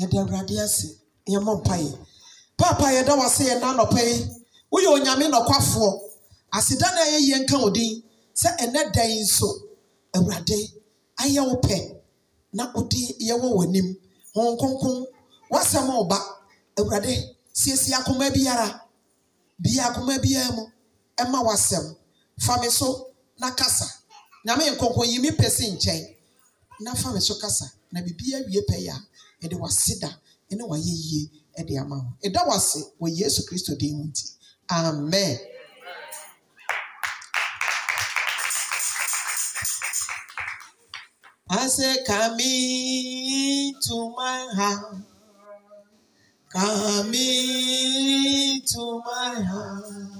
yɛde awurade ase yɛmmɔ mpaeɛ paapa yɛda wase yɛ na nɔpɛ yi woyɛ onyame nɔkwafoɔ aseda na ɛyɛ yie nka wo din sɛ ɛnɛ dan nso awurade ayɛ wo pɛ na wode yɛwɔ w'anim wɔn kronkron wasɛm ɔba awurade siesie akoma biara bia akoma biara mu ɛma wasɛm fa me so na kasa nyame nkonkron yi mi pɛ si nkyɛn na fa me so kasa na biribi awie pɛ yɛ a yɛde waseda ne wayɛyie de ama wo ɛda wase wɔ yesu kristo din mu nti amen I say, come into my heart. Come into my heart.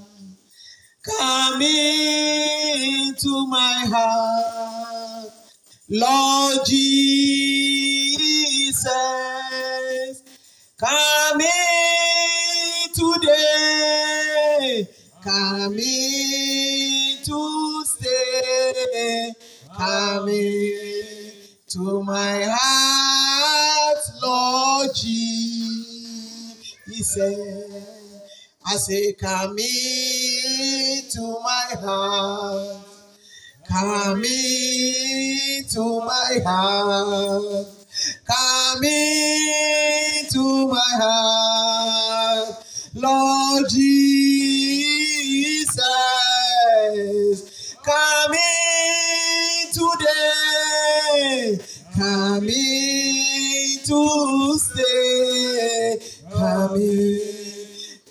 Come into my heart, Lord Jesus. says, Come in today, come in to stay, come in to my heart, Lord Jesus. He said, I say, come in to my heart, come in to my heart. Come into my heart, Lord Jesus. Come in today. Come in to stay. Come in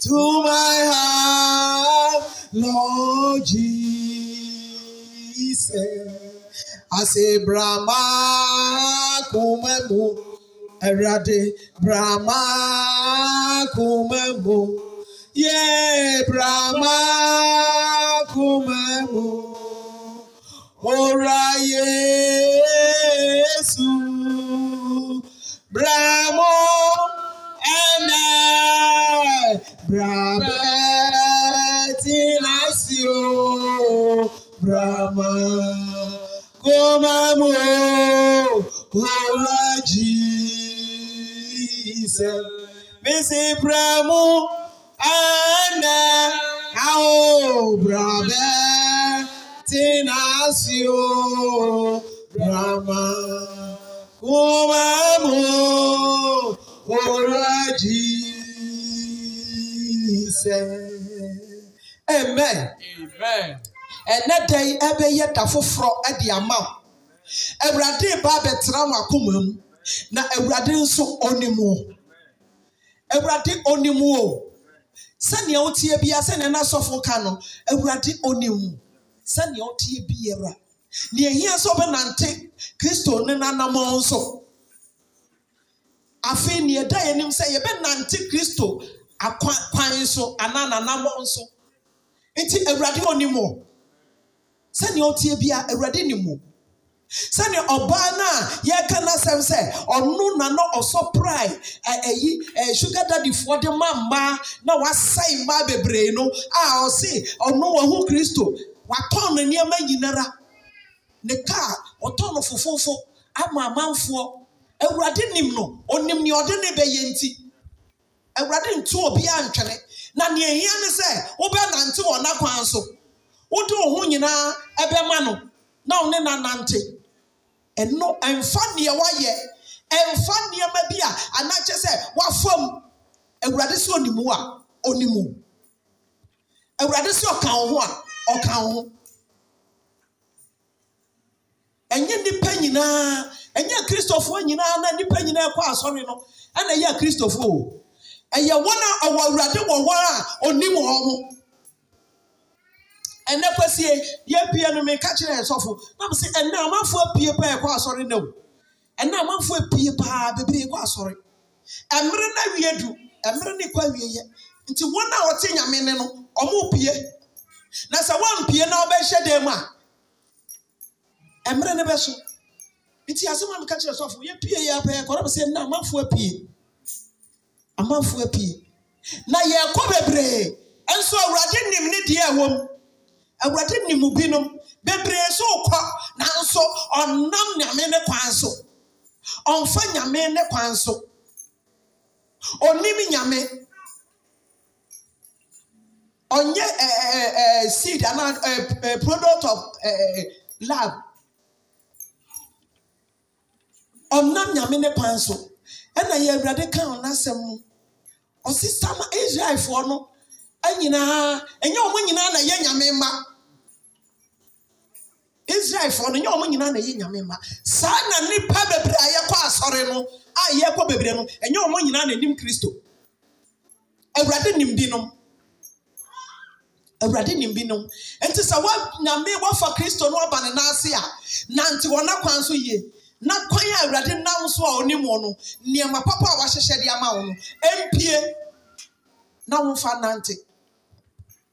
to my heart, Lord Jesus ase brahma kumemu awurade brahma kumemu ye brahma kumemu ora yesu brahmo ene brahma ti na si brahma. kó má mú kó lájì ìṣẹ́. Bísí Prẹ́mú ẹ̀ẹ́nà àwọn òbúrọ̀bẹ́ tí náà sí o Brahma kó má mú Amen. Amen. ɛnɛ dan ɛbɛyɛ da foforɔ ɛde ama wo awurade ba abɛtena wɔn akoma mu na awurade nso onim o awurade onim o sɛnea wotie bia sani sɛnea n'asɔfo ka no awurade onim sɛnea wotie biara nea ehia sɛ ɔbɛnante kristo ne nanam nso afei nea ɛda yɛn anim sɛ yɛbɛnante kristo akwan kwan so anaa nanam nso nti awurade onim o. sɛnea ɔteɛ bia awurade ne mu sani ɔbaa e, e, e, no a yɛreka n'asɛm sɛ ɔno na na ɔsɔ prae ayi sugar daddyfoɔ de ma mmaa na wasɛe mmaa bebree no a ɔse ɔno wahu kristo watɔn ne nneɛma nyinara ne kaa ɔtɔn no fofofo ama amanfoɔ awurade nim no ɔnim nea ɔde ne bɛyɛ nti awurade nto obiara ntwene na nea ɛhia ne sɛ wobɛnante wɔ n'akwan so wode ohu ho nyinaa ɛbɛma no na wo ne nanante ɛno ɛmfa nneɛ woayɛ ɛmfa nneɛma bi a anakyɛ sɛ woafam awurade sɛ onimu a onimu awurade sɛ ɔka wo ho a ɔka wo ho ɛnyɛ nnipa nyinaa ɛnyɛ kristofoɔ nyinaa na nnipa nyinaa kɔ asɔre no ɛna ɛyɛ kristofoɔ o ɛyɛ wɔn a ɔwɔ wɔ a onim wɔn ho ɛnɛ kɔsie yɛpie no meka kyerɛ ɛsɔfo nam sɛ ɛnɛ amanfoɔ apue paa ɛkɔ asɔre na o ɛnɛ amanfoɔ apue paa bebree kɔ asɔre ɛmere na wie du ɛmere ne kɔ awie yɛ nti wɔn a wɔte nyame ne no ɔmo na sɛ pie na ɔbɛhyɛ dan mu a ɛmere ne bɛ so nti asɛm a yɛ kɔrɔ sɛ ɛnɛ amanfoɔ amanfoɔ na yɛkɔ bebree awurade nim ne deɛ ɛwɔ mu. awurade nim binom bebree so kɔ nanso ɔnam nyame ne kwan so ɔmfa nyame ne kwan so onim nyame ɔnyɛ ɛɛ eh, ɛɛ eh, eh, seed anaa ɛɛ product of ɛɛ lab ɔnam nyame ne kwan so ɛna yɛ awurade ka ɔnasɛm mu ɔsi sama israelfoɔ no ɛnyinaa ɛnyɛ wɔn nyinaa na yɛ nyame ma israelfoɔ no nyɛ ɔmo nyinaa na eyi nyame ma saa na nipa bebree a yɛkɔ asɔre no a yɛkɔ bebree no ɛnyɛ ɔmo nyinaa na enim kristo awurade nim binom awurade nim binom nti sɛ wa nyame wafa kristo no aba ne n'ase a nante wɔn n'akwan so yie na kwan a awurade nam so a onim wɔn no nneɛma papa a wahyehyɛ de ama wɔn no mpie na wɔnfa nante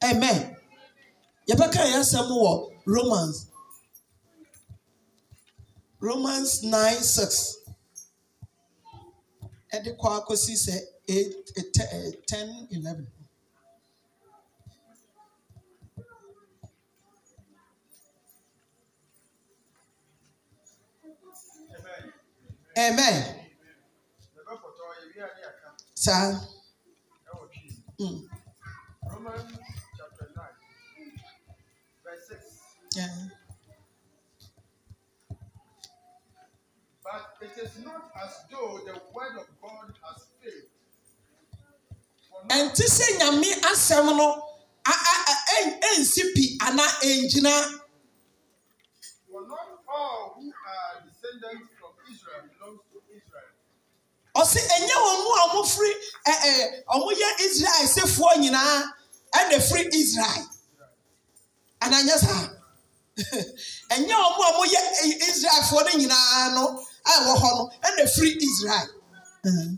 amen yɛbɛka yɛn asɛm wɔ romans Romans 9 6. Eddie Kwakosi said 8, 10, 11. Amen. Sir. Hmm. Romans chapter 9, verse 6. Yeah. It is not as though the word of God has failed. Ɛnti sɛ nyame asɛm no ɛnsi pi ana ɛngyina. not all who are descendants from Israel belong to Israel. Ɔsi ɛnyɛ wɔn mu a wɔn firi ɛɛ wɔn yɛ Israel sefoɔ nyinaa ɛna firi Israel. Ananyɛ saa ɛnyɛ wɔn mu a wɔn yɛ Israelfoɔ no nyinaa no a ɛwɔ hɔ no ɛna firi israel. Uh-huh.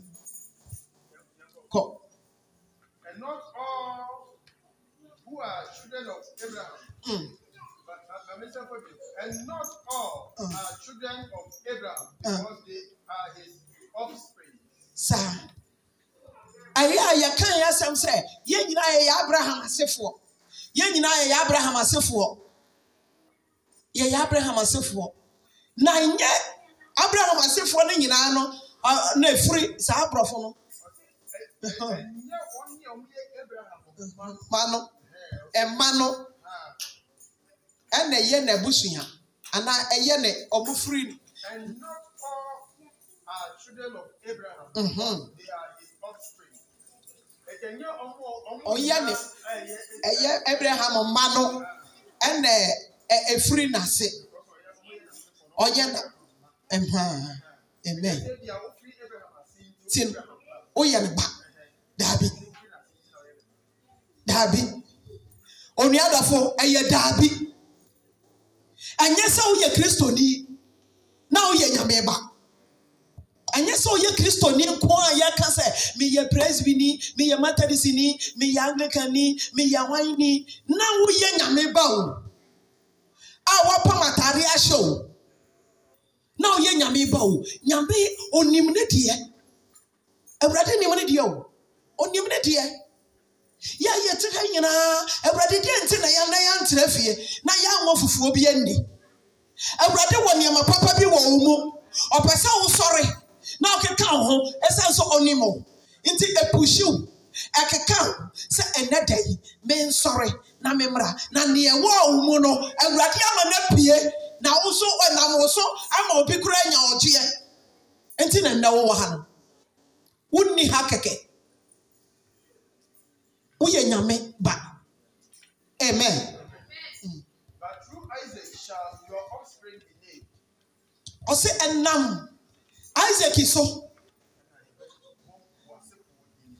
Kɔ. And not all who are children of Abraham. Mm. And not all uh. are children of Abraham mm. because uh. they are his offspring. I hear you can't hear some say, yɛn nyinaa yɛyɛ Abraham asefoɔ. Yɛn nyinaa yɛyɛ Abraham asefoɔ. Yɛyɛ Abraham asefoɔ. Na nyɛ abraham asefoɔ no nyinaa no na efiri saa aborɔfo no mma no mma no ɛna ɛyɛ n'abusua ana ɛyɛ ne ɔmo firi no. Mhm. ɔyɛ ne eh, ɛyɛ abraham mma no ɛna efiri n'ase ɔyɛ na mpaa amen ti no woyɛ ne ba daabi daabi onuadɔfo ɛyɛ daabi ɛnyɛ sɛ woyɛ kristoni na woyɛ nyame ba ɛnyɛ sɛ woyɛ kristoni nko a yɛka sɛ meyɛ presbini meyɛ methodistni meyɛ anglicani meyɛ hwanni na woyɛ nyame ba o a wapam atare ahyɛ o na ɔyɛ nyame ba o nyame onim ne deɛ awurade nim ne deɛ o onim ne deɛ yɛayɛ te ha nyinaa awurade deɛ nti na yɛna yɛntena fie na yɛammɔ fufuo bi anni awurade wɔ nneɛma papa bi wɔ wo mu ɔpɛ sɛ wosɔre na ɔkeka wo ho ɛsiane sɛ ɔnim o nti ɛpuhyiw ɛkeka wo sɛ ɛnɛ da yi mensɔre na memmra na neɛ wɔ wo mu no awurade ama no apue na wo so ɔnam eh, wo ama obi kora anya ɔgyeɛ nti na nnɛ wowɔ ha no wonni ha keke. woyɛ nyame ba amen Ọ sị ɛnam isaac so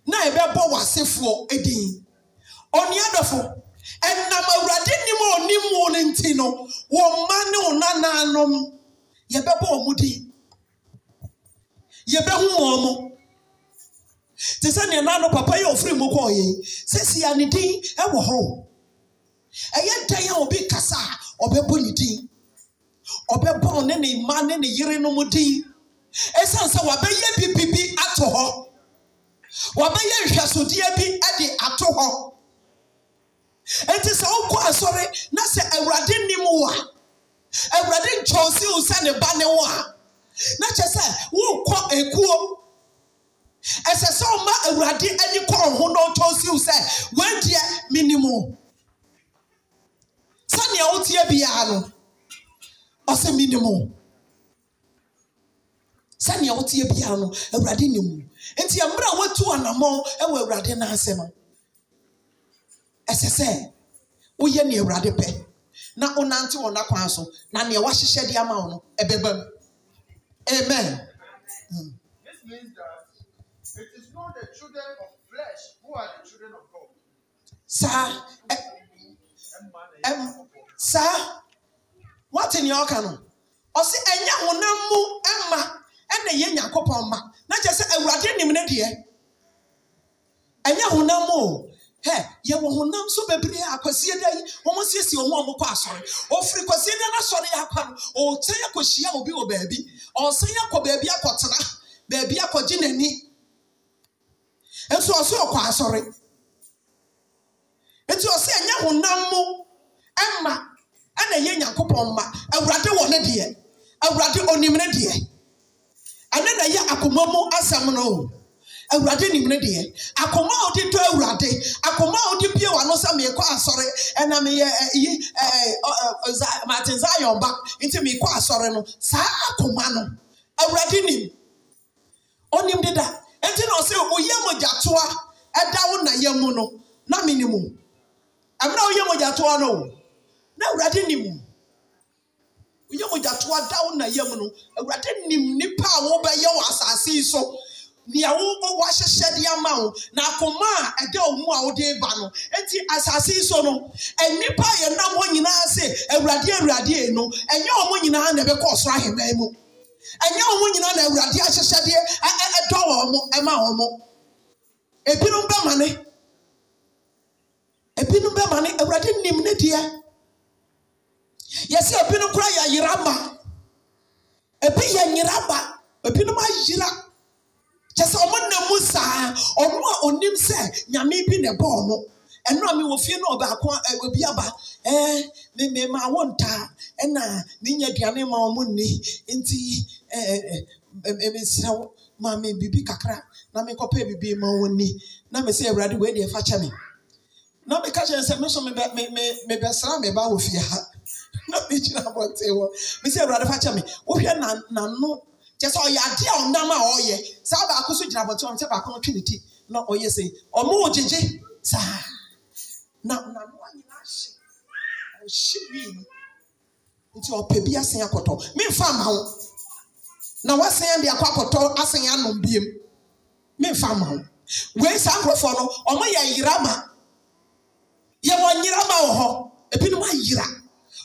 na ɛbɛbɔ w'asefoɔ din ɔnua dɔfo ɛnam awurade ɔnim wo no nti no wɔn mma ne wo nanaanom yɛbɛbɔ ɔmo din yɛbɛhu wɔn mo te sɛ ne nano papa yi a ɔfiri mu kɔɔ yɛn sɛsi a ne din ɛwɔ hɔ ɛyɛ dan a obi kasa a ɔbɛbɔ ne din ɔbɛbɔ ne ne mma ne ne yere no mu din ɛsiane sɛ wabɛyɛ bibibi ato hɔ wabɛyɛ nhwɛsodeɛ bi de ato hɔ nti sɛ wokɔ asɔre na sɛ awurade nim wo a awurade nkyɛnse wo sɛ ne ba ne wo a na kyɛ sɛ worekɔ ekuo ɛsɛ sɛ ɔma awurade ani kɔ ɔho na ɔkyɛnse wo sɛ wɔadeɛ menim wo sɛnea wotie biara no ɔsɛ menim wo sɛnea wotie biara no awurade nim wo nti mmerɛ a watu anammɔn wɔ awurade n'ase no Esesee, sɛ woyɛ ne awurade pɛ na wonante wɔ nakwan so na nea wahyehyɛ de ama wo no ɛbɛba amen mm. This means that it is not the children of flesh who are the children of God. Saa ɛ ɛ saa wate nea ɔka no ɔsi ɛnyɛ honam mu ɛma ɛna yɛ nyakopɔn ma na kyerɛ sɛ awurade nim ne deɛ ɛnyɛ honam mu o. hɛ yɛwɔ nam so bebree akwasie da yi wɔn siesie wɔn a wɔkɔ asɔre ɔfiri kwasie da n'asɔre akwa no ɔsan akɔhyia obi wɔ baabi ɔsan akɔ baabi akɔtena baabi akɔgye n'ani nso ɔso ɔkɔ asɔre nti ɔsɛ ɛnyɛ honam mu ɛma ɛna ɛyɛ nyakopɔn ma awurade wɔ ne deɛ awurade onim ne deɛ ɛne na ɛyɛ akoma mu asɛm no awurade nim ne deɛ akoma a wɔde tɔ awurade akoma a wɔde pie wano sɛ meekɔ asɔre ɛna meyɛ yi martin zion ba nti meekɔ asɔre no saa akoma no awurade nim ɔnim deda nti na ɔsɛ oyɛ mogyatoa ɛda wo na yɛ mu no na menim o ɛmena woyɛ mogyatoa no na awurade nim oyɛ mogyatoa da wo na yam mu no awurade nim nnipa a wobɛyɛ wɔ asase yi so nea wowɔ wahyehyɛdeɛ ama wo na akoma a ɛda wo mu a wode ba no enti asase yi so no nnipa a yɛnam hɔ nyinaa se awurade awurade no ɛnyɛ wɔ mo nyinaa na ɛbɛkɔ ɔsoro ahemman mu ɛnyɛ wɔ mo nyinaa na awurade ahyehyɛdeɛ ɛdɔ wɔ mo ɛma wɔ mo ebinom bɛma ne ebinom bɛma ne awurade nim ne deɛ yɛsɛ ebinom kora yɛ ayera ma ebi yɛ nyera ma ebinom ayera kyɛ sɛ nam mu saa ɔmo a onim sɛ nyame bi na ɛbɔ ɔmo ɛnura mi wɔ fie na ɔbaako obi aba ɛɛ mi mi ma awɔ ntaa ɛna mi nya aduane ma ɔmo nni nti ɛɛ ɛɛ mi srɛw ma bibi kakra na mi kɔpɛ bibi ma wɔn ni na mi sɛ awurade wɔ adi ɛfa kyɛ mi na mi ka kyerɛ sɛ mi so mi bɛ mi mi mi bɛ sra mi ba wɔ fie ha na mi gyina abɔnten wɔ mi sɛ awurade fa kyɛ mi wohwɛ na nano. kyɛ sɛ ɔyɛ adeɛ a ɔnam a ɔyɛ saa baako so gyina abɔnten ɔmo sɛ baako no twi ne ti na ɔyɛ sɛ ɔmo wɔ gyegye saa na n'anoa nyinaa hyɛ ɔhyɛ wii no nti ɔpɛ bi asen akɔtɔ mmefa ama wo na wasen de akɔ akɔtɔ asen anom biem mmefa ama wo wei saa nkurɔfoɔ no ɔmo yɛ yerama yɛwɔ nyerama wɔ hɔ ebinom ayira.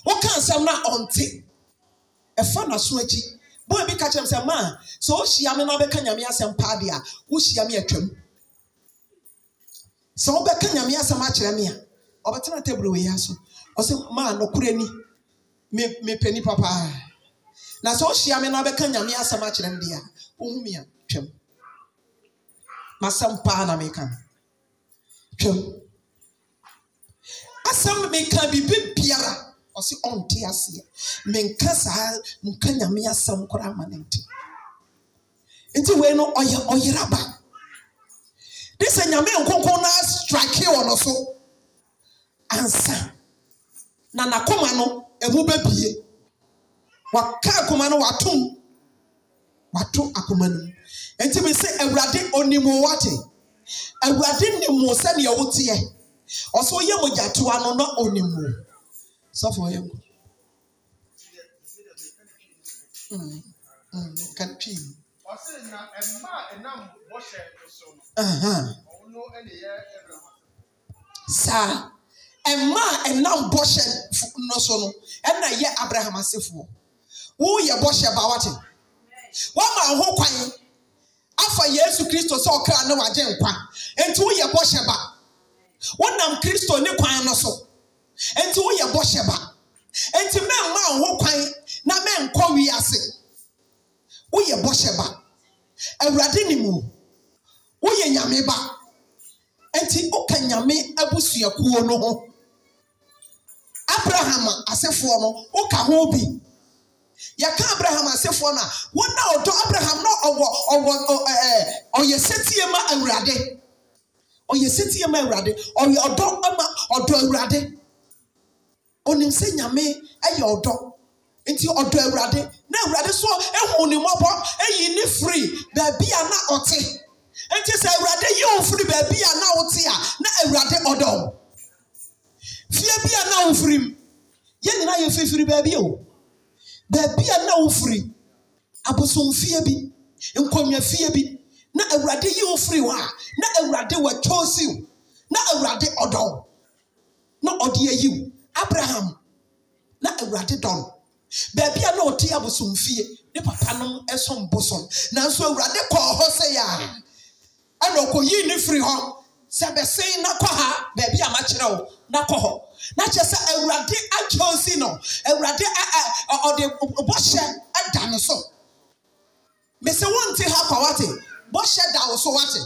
wɔka nsɛm na ɔnte ɛfa na so akyi. boy bi ka kyerɛ sɛ maa sɛ ohyia me na bɛka nyame asɛm paa deɛ a wohyia me atwam sɛ wobɛka nyame asɛm akyerɛ me a ɔbɛtena table wei aso ɔsɛ maa nokorɛ ni me mepɛ nipa papa. na sɛ ohyia me na bɛka nyame asɛm akyerɛ me deɛ a wohu me a twam masɛm paa na meka twam asɛm meka biribi biara ɔsi ɔnte aseɛ menka saa nka nyame asɛm koraa ama ne nte nti wei no ɔyɛ ɔyeraba de sɛ nyame nkonkon no astrake wɔ no so ansa na n'akoma no ɛmu bɛbie waka akoma no watom wato akoma no mu nti mi sɛ awurade onimu wate awurade nimu sɛnea woteɛ ɔsɛ ɔyɛ mogyatoa no na onimu. sɔfo yɛ mu kantwii ɔsɛ na ɛma ɛnam bɔhyɛ no Boshe no sonu. ɛna yɛ ɛbrahama saa ɛma ɛnam bɔhyɛ no so no ɛna yɛ abraham asefoɔ woyɛ bɔhyɛ bawate wama ho kwan afa yesu kristo sɛ ɔkra ne wagye nkwa nti woyɛ bɔhyɛ ba wonam no so. nti woyɛ bɔhyɛ ba nti mɛmma nho kwan na mɛnkɔ wiase woyɛ bɔhyɛ ba awurade ne mu woyɛ nyame ba nti woka nyame abusuakuo no ho abraham asefoɔ no woka ho bi yɛka abraham asefoɔ no a wɔn a ɔdɔ abraham na ɔwɔ ɔwɔ ɛɛ ɔyɛ setie ma awurade ɔyɛ setie ma awurade ɔyɛ ɔdɔ ma ɔdɔ awurade. onim sɛ nyame ɛyɛ ɔdɔ nti ɔdɔ awurade na awurade so ehu ne mmɔbɔ eyi ne firi baabi a na ɔte nti sɛ awurade yi wo firi baabi a na ɔte a na awurade ɔdɔ fie bi a na ofiri mu yɛn nyinaa yɛ fifiri baabi o baabi a na ofiri abosomfie bi nkonnwafie bi na awurade yi wo firi hɔ a na awurade wɔ kyɔɔsi na awurade ɔdɔ na ɔde ayi wo. abraham na awurade dɔ no baabi a na ɔte abosomfie ne papa nom som bosom nanso awurade kɔɔ hɔ sɛ yɛ a ɛna ɔkɔyii ne firi hɔ sɛ bɛsen na kɔ ha baabi a makyerɛ wo na kɔ hɔ na kyerɛ sɛ awurade akyɛnsi no awurade ɔde bɔhyɛ da ne so mesɛ wonte ha kɔ wate bɔhyɛ da wo so wate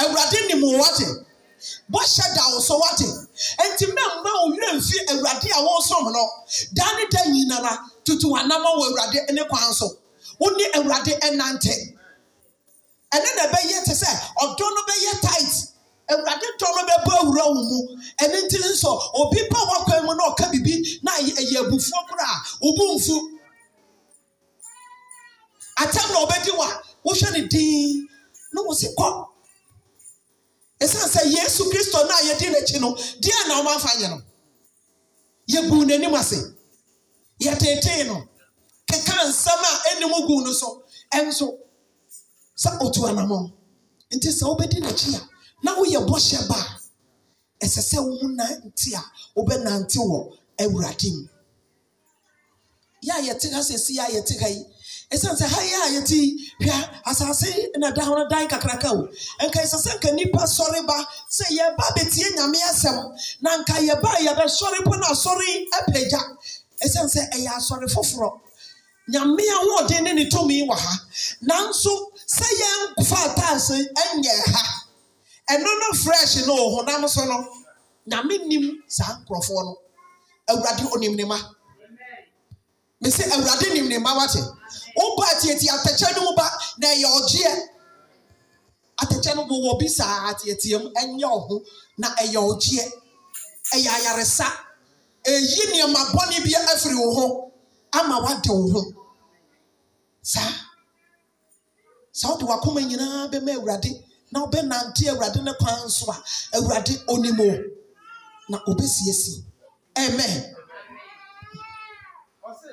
awurade nim wo wate bɔhyɛ da wo so wate nti mɛmma wo werɛ nfi awurade a wɔresom no daa ne da nyinara tutu anam wɔ awurade ne kwan so wo ne awurade nante ɛne na ɛbɛyɛ te sɛ ɔdɔ no bɛyɛ tight awurade tɔ no bɛbɔ awura wo mu ɛne nti nso obi pa wakwan mu na ɔka bibi na ɛyɛ abufuo koro a wobu atam na ɔbɛdi wa wohwɛ ne din na wo si kɔ ɛsiane sɛ yesu kristo no a yɛdi n'akyi no deɛ na ɔma afa yɛ no yɛguu n'anim ase yɛtetee no keka nsɛm a ɛnim guu no so ɛnso sɛ ɔtu anammɔ nti sɛ wobɛdi n'akyi a na woyɛ bɔhyɛ ba a ɛsɛ sɛ wo ho nante a wobɛnante wɔ awurade mu yɛ a yɛte ha sɛ si a yɛte ha yi ɛsiane sɛ ha yɛ a yɛti hwɛ asase na da hono dan kakraka o nka ɛsɛ sɛ nka nnipa sɔre ba sɛ yɛba bɛtie nyame asɛm na nka yɛba a yɛbɛsɔre po na asɔre apagya ɛsiane sɛ ɛyɛ asɔre foforɔ nyame ahoɔden ne ne tumi wɔ ha nanso sɛ yɛmfa ataase ɛnyɛ ha ɛno no fresh no wɔ honam so no nyame nim saa nkurɔfoɔ no awurade onim ne ma mesɛ awurade nim ne ma wate woba atietie atɛkyɛ no woba na ɛyɛ ɔgyeɛ atɛkyɛ no wowɔ bi saa atiatia mu ɛnyɛ ɔho na ɛyɛ ɔgyeɛ ɛyɛ ayaresa ɛyi nneɛma bɔne bi afiri wo ho ama wade wo ho saa saa wode wakoma nyinaa bɛma awurade na wobɛnante awurade ne kwan so a awurade onim o na obɛsiesie amen ɔse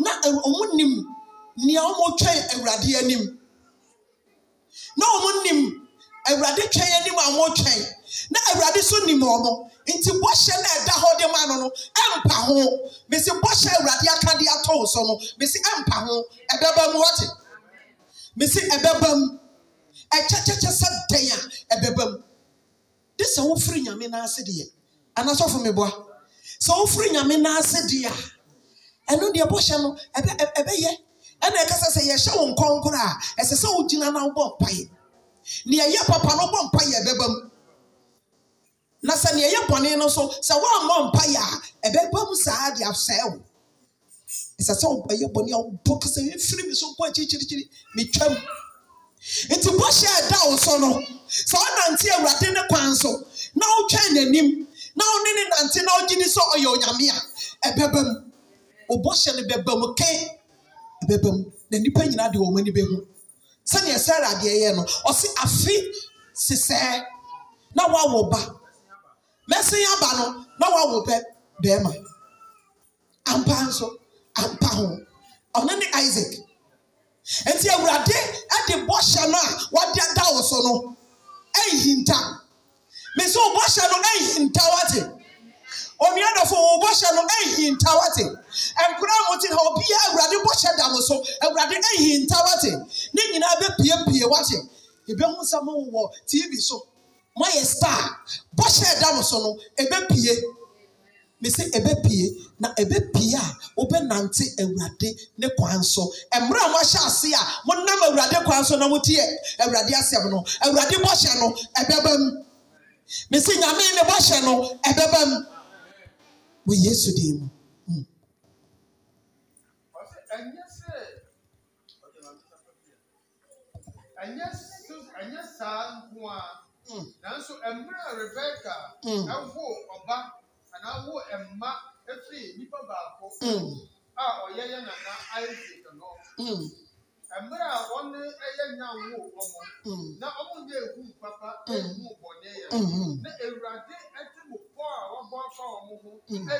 na wɔn nim nea wɔretwɛn awurade anim na wɔn nim awurade twɛn anim a wɔretwɛn na awurade nso nim wɔn nti bɔhyɛ na ɛda hɔ de ma no no ɛmpa ho bɛsi bɔhyɛ awurade aka de atɔ wo so no bɛsi ɛmpa ho ɛbɛba mu wɔte bɛsi ɛbɛba mu ɛkyɛkyɛkyɛ sɛ dɛn a ɛbɛba mu de sɛ wofiri nyame n'ase deɛ anasɔfo mi boa sɛ wofiri nyame n'ase deɛ a ɛno deɛ bɔhyɛ no ɛbɛyɛ ɛna ɛkasa sɛ yɛhyɛ wo nkɔnkoro a ɛsɛ sɛ wogyina na wobɔ mpaeɛ nea ɛyɛ papa no bɔ mpaeɛ ɛbɛba mu na sɛ nea ɛyɛ bɔne no so sɛ woammɔ mpaeɛ a ɛbɛba mu saa de asɛe wo ɛsɛ sɛ woyɛ bɔne a wobɔ kasa ɛfiri me so nkɔ akyirikyirikyiri metwam nti bɔhyɛ a ɛda wo so no sɛ wonante awurade ne kwan so na wotwɛn n'anim na wone ne nante na wogye ni sɛ ɔyɛ onyame ɔbɔ hyɛ no bɛbam kɛn bɛbam na nnipa nyinaa de wɔn ani bɛhu Sani sara adeɛ yɛ no ɔsi afi sisɛɛ na wawɔ ba mɛsin aba no na wawɔ bɛ bɛrima ampa nso ampa ho ɔno ne isaac nti awurade ɛde bɔhyɛ no a wade da wɔ so no ɛyihinta mesɛ ɔbɔhyɛ no ɛyihinta wate. fo wo bɔhyɛ no ahinta wate nkora a wɔte ha obi a awurade bɔhyɛ da wo so awurade ahinta wate ne nyinaa bɛpiepie wate ebɛhu sɛ mu wɔ tv so moayɛ star bɔhyɛ da wo so no ɛbɛpie mese ɛbɛpie na pie a wobɛnante awurade ne kwan so mmerɛ a moahyɛ ase a monam awurade kwan so na motiɛ awurade asɛm no awurade bɔhyɛ no ɛbɛba mu mese nyame ne bɔhyɛ no ɛbɛba wɔ yesu dan mu. ɛnyɛ so ɛnyɛ saa nko a nanso mmerɛ a rebeka ɛwo ɔba anaa wo mma efiri nipa baako a ɔyɛ yɛ nana isaac no mmerɛ a wɔne ɛyɛ nyawo wɔn na wɔn nyɛ ehu papa ehu bɔnɛ yɛ na ewurade Mm. Mm.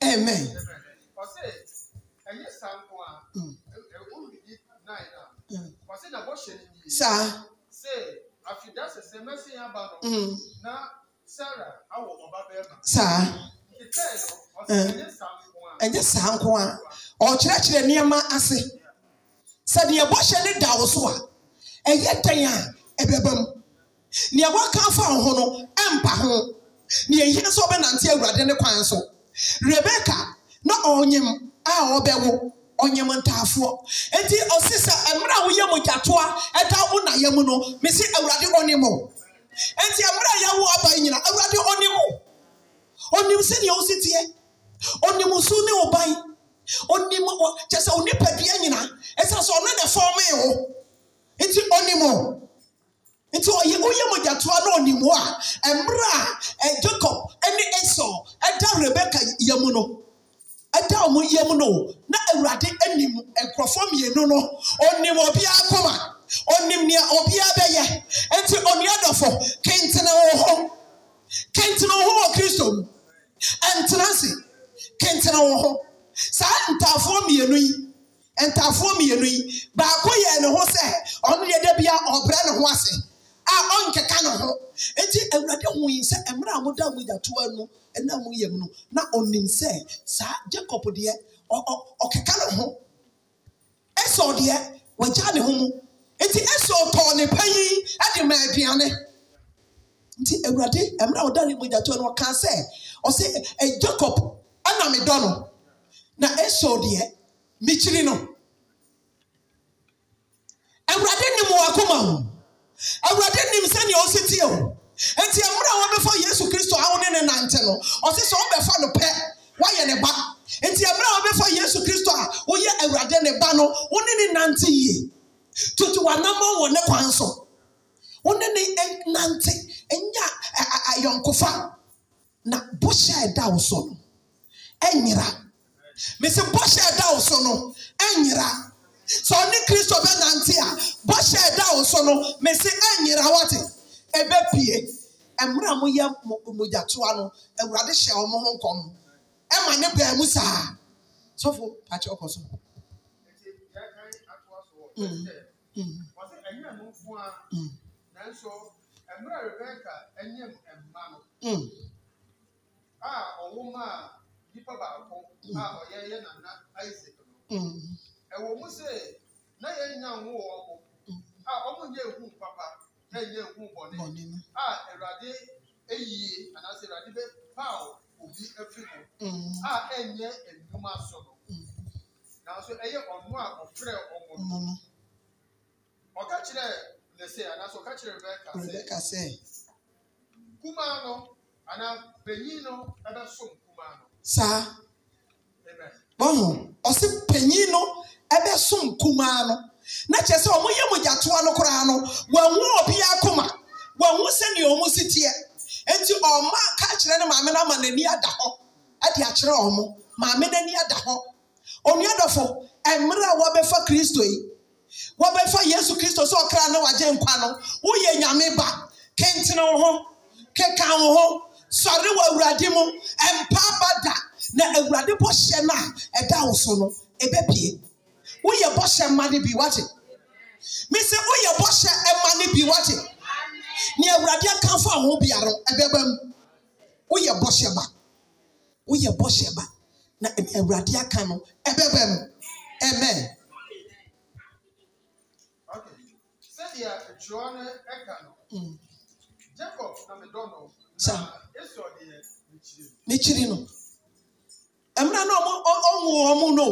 amen ɔsɛ saa saa saa saa ɛnyɛ saa nko a ɔkyerɛkyerɛ nneɛma ase sɛ deɛ bɔhyɛ ne da wo so a ɛyɛ dɛn a ɛbɛba mu nea wɔka fa ho no ɛmpa ho nea ɛyɛ nso ɔbɛnante awurade ne kwan so rebeka na ɔnyem a ɔbɛwo ɔnyem ntaafoɔ enti ɔsi sɛ mmerɛ a woyɛ mu gyatoa ɛda wo nayɛ mu no mesi awurade ɔne mu enti mmerɛ a yɛwo aba nyina awurade ɔne mu ɔnim sɛnea wosi teɛ onim nso ne wo ban onim kyɛ sɛ onipadua nyinaa ɛsiane sɛ ɔno ne fɔmee wo eti onim o nti ɔyɛ woyɛ mogyatoa na onim o a ɛmmerɛ a jacob ne esau ɛda rebeka yamu no da ɔmo yam no na awurade anim nkurɔfoɔ mmienu no onim ɔbea koma onim nea ɔbea bɛyɛ nti onuadɔfo kentene wo ho kentene wo ho wɔ kristo mu ntena se kentene wɔ hɔ saa ntaafoɔ mmienu yi ntaafoɔ mmienu yi baako yɛ ne ho sɛ ɔno yɛ dɛ bia ɔbrɛ ne ho ase a ɔnkeka ne ho eti awurade ho yi sɛ mmerɛ a mo da yatoa no ɛna mo yam no na ɔnim sɛ saa jacob deɛ ɔ ɔkeka ne ho esau deɛ wagya ne ho mu eti esau tɔɔ ne pa yi ɛde ma aduane nti awurade mmerɛ a ɔda ne yatoa no ɔka sɛ ɔsɛ jacob. ɛna medɔ no na ɛsɔ deɛ mekyiri no awurade nim wakoma ho awurade nim sɛnea tie o eti mmerɛ a wɔbɛfa yesu kristo awo ne ne nante no ɔse sɛ wobɛfa no pɛ woayɛ ne ba nti mmerɛ a wɔbɛfa yesu kristo a woyɛ awurade ne ba no wo ne ne nante yie tutu w'anamɔ wɔ ne kwan so wo ne ne nante ɛnya ayɔnkofa na bohyɛ ɛda wo so no ɛnyira mesi bɔhyɛ ɛda wo so no ɛnyira sɛ ɔne kristo bɛnante a bɔhyɛ ɛda wo so no mesi ɛnyira wɔte ɛbɛpie mmerɛ a moyɛ mogyatoa no awurade hyɛ wɔn ho nkɔm ɛma ne bɛn mu saa sɔfo pakyɛ ɔkɔ so. Mm. Mm. Mm. Mm nipa baako a mm. ɔyɛ yɛ nana isaac no mm. ɛwɔ mu sɛ na yɛnya ho wɔ ɔmo a ɔmo nyɛ ehu papa na nyɛ ehu bɔne a awurade eyie anaasɛ awurade bɛ paaw obi afiri mu mm. a ɛnyɛ enuma so no nanso ɛyɛ ɔno a ɔfrɛ ɔmo no ɔka kyerɛ lɛsɛ anaasɛ ɔka kyerɛ rebeka sɛ kumaa no anaa benyin no ɛbɛ som kumaa no saa wɔho ɔsi panyin no ɛbɛso nkumaa no na kyerɛ sɛ wɔn yɛ mogyatoa no koraa no wɔn ho ɔbea akoma wɔn ho sɛnea wɔn si teɛ nti ɔma ka kyerɛ ne maame no ama n'ani ada hɔ ɛde akyerɛ wɔn maame n'ani ada hɔ onua dɔfo mmerɛ a wɔbɛfa kristo yi wɔbɛfa yesu kristo sɛ ɔkra ne wagye nkwa no woyɛ nyame ba kɛntene wo ho keka wo ho sɔre wɔ awurade mu mpaaba da na awurade bɔhyɛ no a ɛda wo so no ɛbɛpie woyɛ bɔhyɛ mma no bi wagye me sɛ woyɛ bɔhyɛ mma no bi wagye ne awurade akamfo a ho biara ɛbɛba mu woyɛ bɔhyɛ ba woyɛ bɔhyɛ ba na awurade aka no ɛbɛba mu amen. sɛdeɛ twerɛ no ɛka no jacob na medɔ no sa n'ekyiri no mmerɛ no ɔnwo wɔn no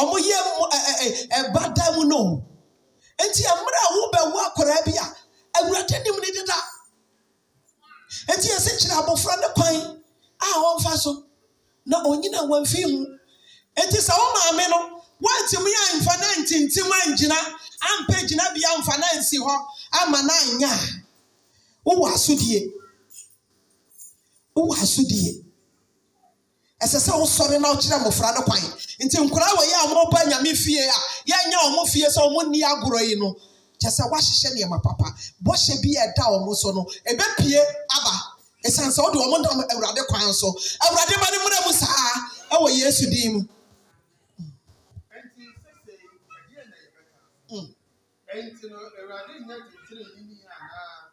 ɔmo yɛ ɛba dan mu no nti mmerɛ a wobɛwo akwaraa bi a awurade nim ne deda nti yɛsɛ kyerɛ abɔfra ne kwan a wɔmfa so na ɔnyina wɔmfi ho nti sɛ wo maame no woantumi amfa no antintim angyina ampɛ gyinabea amfa na ansi hɔ ama na anya a wowɔ asodie wowɔ asodie ɛsɛ sɛ wosɔre na wokyerɛ mmɔfra no kwan nti nkoraa wɔyɛ a wɔba nyame fie a yɛnyɛ wɔn fie sɛ wɔn nni agorɔ yi no kyɛ sɛ wahyehyɛ nneɛma papa bɔhyɛ bi a ɛda wɔn so no ɛbɛpie aba ɛsiane sɛ wode wɔn nam awurade kwan so awurade ma ne mmerɛ mu saa ɛwɔ yesu din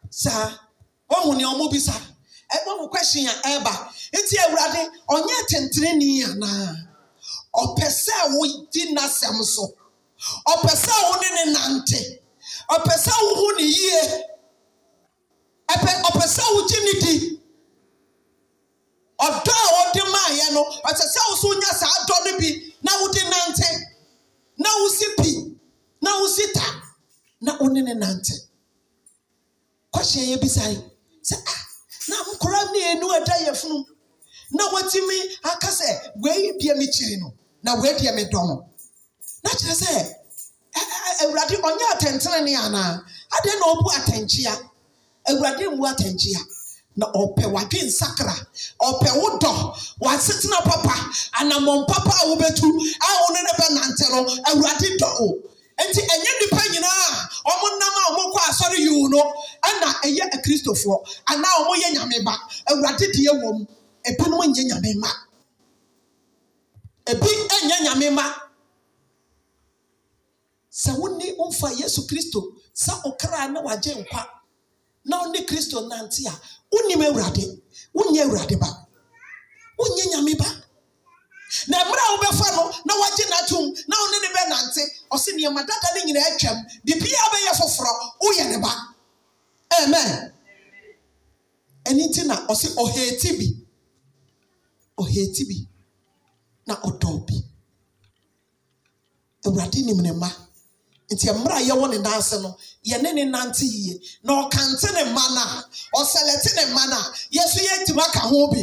mu saa wɔhu nea ɔmo bisa Ebe mo question a ɛreba nti awurade ɔnyɛ tenteneni anaa ɔpɛ sɛ wodi n'asɛm so ɔpɛ na wo ne ne n'idi ọdọ a no saa na nante na wosi pi na wosi ta na dị ne na na mmienu ɛda ya funu na wɔtumi aka sɛ wei deɛ mi kyiri no na wei deɛ mi dɔ no na kyerɛ sɛ awurade ɔnyɛ atɛntene ne anaa adeɛ na ɔbu atɛnkyea awurade mbu atɛnkyea na ɔpɛ wadwe nsakra ɔpɛ wo dɔ wasetena papa anammɔn papa a wobɛtu a wo ne ne bɛnante no awurade dɔ o nti ɛnyɛ nipa nyinaa a wɔn nam a wɔkɔ asɔre yiw no ɛna ɛyɛ akristofoɔ anaa wɔn yɛ nyameba awurade deɛ wɔm ebinom nyɛ nyamema ebi nyɛ nyamema sɛ wɔnni wɔnfa yesu kristo sɛ ɔkra na wagye nkwa na wɔnni kristo nante a wɔnnim awurade wɔnnyɛ awurade ba wɔnnyɛ nyameba. na mmerɛ a wobɛfa no na wagye n'atom na wo ne na bɛnante ɔse nneɛma dada no nyinaa atwam biribia bɛyɛ foforɔ woyɛ ne ba amen ɛno nti na ɔse ɔheeti bi bi na ɔdɔɔ bi awurade nim ne mma nti mmerɛ a yɛwɔ ne nanse no yɛne ne nante yie na ɔkante ne mma no a ɔsɛlɛte ne mma no a aka ho bi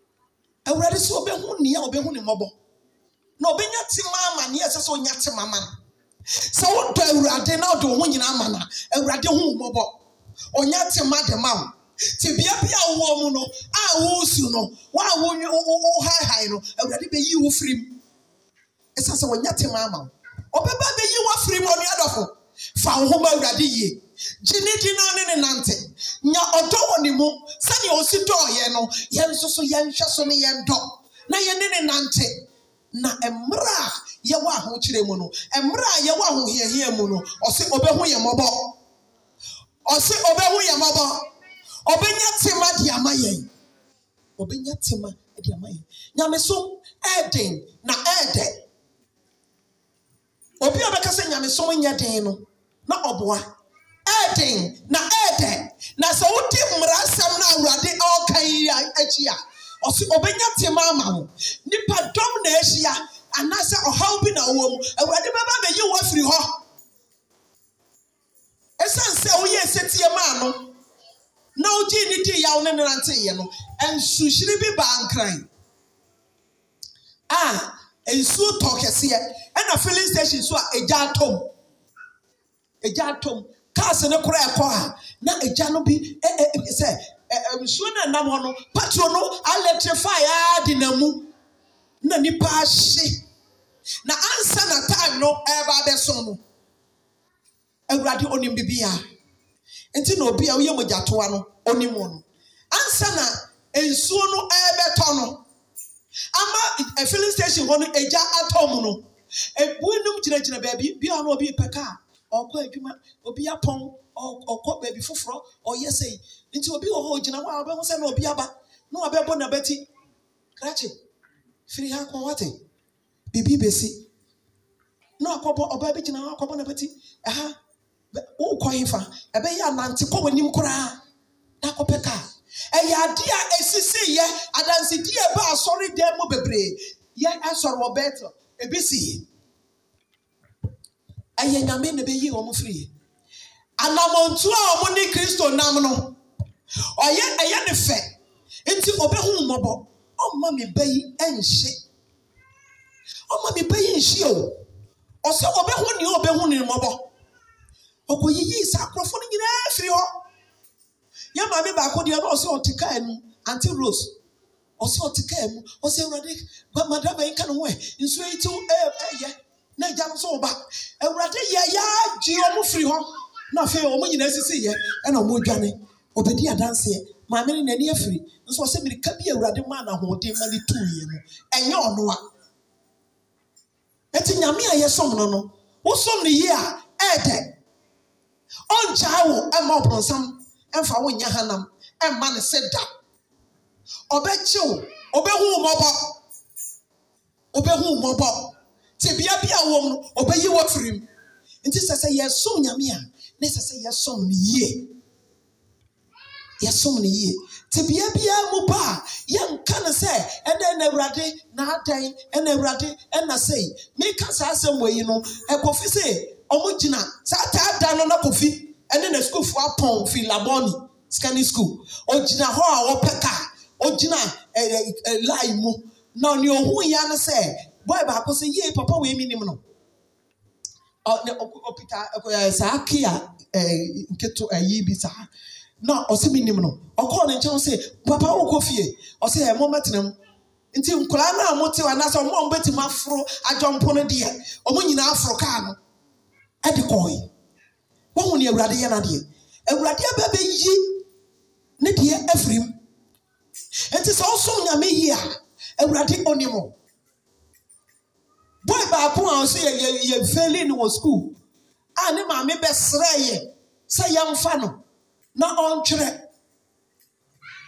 awurade sɛ ɔbɛhu nea ɔbɛhu ne mmɔbɔ na ɔbɛnya te ma ama nea ɛsɛ sɛ ɔnya te ma ma no sɛ wodɔ awurade na ɔde wo ho nyinaa ma no awurade hu wo mmɔbɔ ɔnya te ma de ma wo te bea bi a wowɔ mu no a wosu no wa a wohaehae no awurade bɛyi wo firi mu ɛsɛ sɛ ɔnya te ma ama wo ɔbɛba bɛyi wo afiri mu ɔne fa wo ho ma awurade yie gye ne di na ne ne nante nya ɔdɔ wɔ ne mu sɛnea ɔsi dɔɔ yɛn no yɛn nso so yɛnhwɛ so ne yɛn dɔ na yɛne ne nante na mmerɛ a yɛwɔ ahokyerɛ mu no mmerɛ a yɛwɔ ahohiahia mu no ɔsi ɔbɛho yɛn mɔbɔ ɔsi ɔbɛho yɛn mɔbɔ ɔbɛnya tema de ama yɛn ɔbɛnya tema de ama yɛn nyame so ɛɛden na ɛɛdɛ obi a ɔbɛka sɛ nyame so nyɛ den no na ɔboa ɛɛden na ɛɛdɛ na sɛ wodi mmara nsɛm no awurade ɔka yi akyi a ɔso ɔbɛnya tema ama wo nipa dɔm na ahyia anaasɛ ɔhaw bi na ɔwɔ mu awurade bɛba bɛyi wo afiri hɔ ɛsiane sɛ woyɛ esetie maa no na wogyee ne dii yaw ne nenanteeɛ no nsuhyire bi baa nkran a nsuo tɔ kɛseɛ ɛna filling station so a egya atɔm egya atɔm kaasị no kora ɛkɔ a na agya no bi sɛ nsuo na nam hụ no patro no electrify a de na mu na nipa ahye na ansa na time no ɛreba abɛso no awurade onim biribi a nti na obi a woyɛ mogyatoa no onim wɔ no ansa na nsuo no ɛrebɛtɔ no ama filling station hụ no agya atọ mu no ebue nom gyinagyina baabi bia no obi pɛ kaa ɔkɔ adwuma obi apɔn ɔkɔ baabi foforɔ ɔyɛ sɛyi nti obi wɔ hɔ ogyina hɔ a ɔbɛho sɛ na obi aba na ɔbɛbɔ n'abati krakye firi ha kɔn wate bibi besi na akɔbɔ ɔbaa bi gyina hɔ akɔbɔ n'abati ɛha wokɔ hefa ɛbɛyɛ anante kɔ n'im koraa na akɔpɛ kaa ɛyɛ adeɛ a esisi yɛ adansidie ba asɔre dan mu bebree yɛ asɔre wɔ bɛtɔ ebi si ɛyɛ nyame na bɛyi wɔn firi anamantu a wɔn ne kristo nam no ɔyɛ ɛyɛ ne fɛ nti ɔbɛhu mmɔbɔ ɔmma mi ba yi ɛnhyɛ ɔmma mi ba yi nhyɛ o ɔsɛ ɔbɛhu nea ni ne mmɔbɔ ɔkɔyiyi saa akorɔfo no nyinaa firi hɔ yɛ maame baako deɛ ɔno ɔsɛ ɔte kaa mu ante rose ɔsɛ ɔte kaa mu ɔsɛ awurade madaba yi ka ne ho ɛ nsuo yi ti ɛɛyɛ. na agya nso ewurade awurade yɛ yɛagye ɔmo firi hɔ na afei ɔmo nyinaa sisi yɛ ɛna ɔmo dwane ɔbɛdi adanseɛ maame no n'ani afiri nso ɔsɛ mirika bi awurade maa n'ahoɔden ma ne tuu yɛ no ɛnyɛ ɔno eti ɛti nyame a yɛsɔm no no wosɔm no yie a ɛɛdɛ ɔnkyaa wo ɛma ɔbrɔnsam ɛmfa wo nyɛ hanam ɛma ne se da ɔbɛkyew ɔbɛhu mɔbɔ ɔbɛhu mɔbɔ. tebea bi a wɔm no ɔbɛyi wɔ firi mu nti sɛ sɛ yɛsom nyame a na sɛ sɛ yɛsom no yie yɛsom no yie tebea biara mu ba a yɛnka no sɛ ɛdɛ na awurade na adan ɛna awurade ɛna sei meka saa asɛm wɔ yi no ɛkɔfi sɛ ɔmo gyina saa taa da no na kɔfi ɛne na sukuufoɔ apɔn fi labɔni sikani school ɔgyina hɔ a ɔpɛ kaa ɔgyina ɛɛ ɛɛ line mu na ɔne ohun ya no sɛ boy baako sɛ yie papa wei mi nim no ɔpita saa kia nketo ayi bi saa na ɔsɛ mi nim no ọ ne nkyɛn sɛ papa wokɔ fie ɔsɛ ɛmo mɛtena mu nti nkwadaa naa ɔmo te anaasɛ ɔmo a ɔmo bɛtumi aforo adwampo no deɛ ɔmo nyinaa aforo kaa no ɛde kɔɔe wɔn ne awurade yɛ n'adeɛ awurade abɛ bɛyi ne deɛ afiri mu nti sɛ ɔsom nyame yie a awurade onim o. baako a ɔso yɛ yɛ yɛ fɛli no wɔ sukuu a ne maame bɛ srɛ yɛ sɛ yɛmfa no na ɔntwerɛ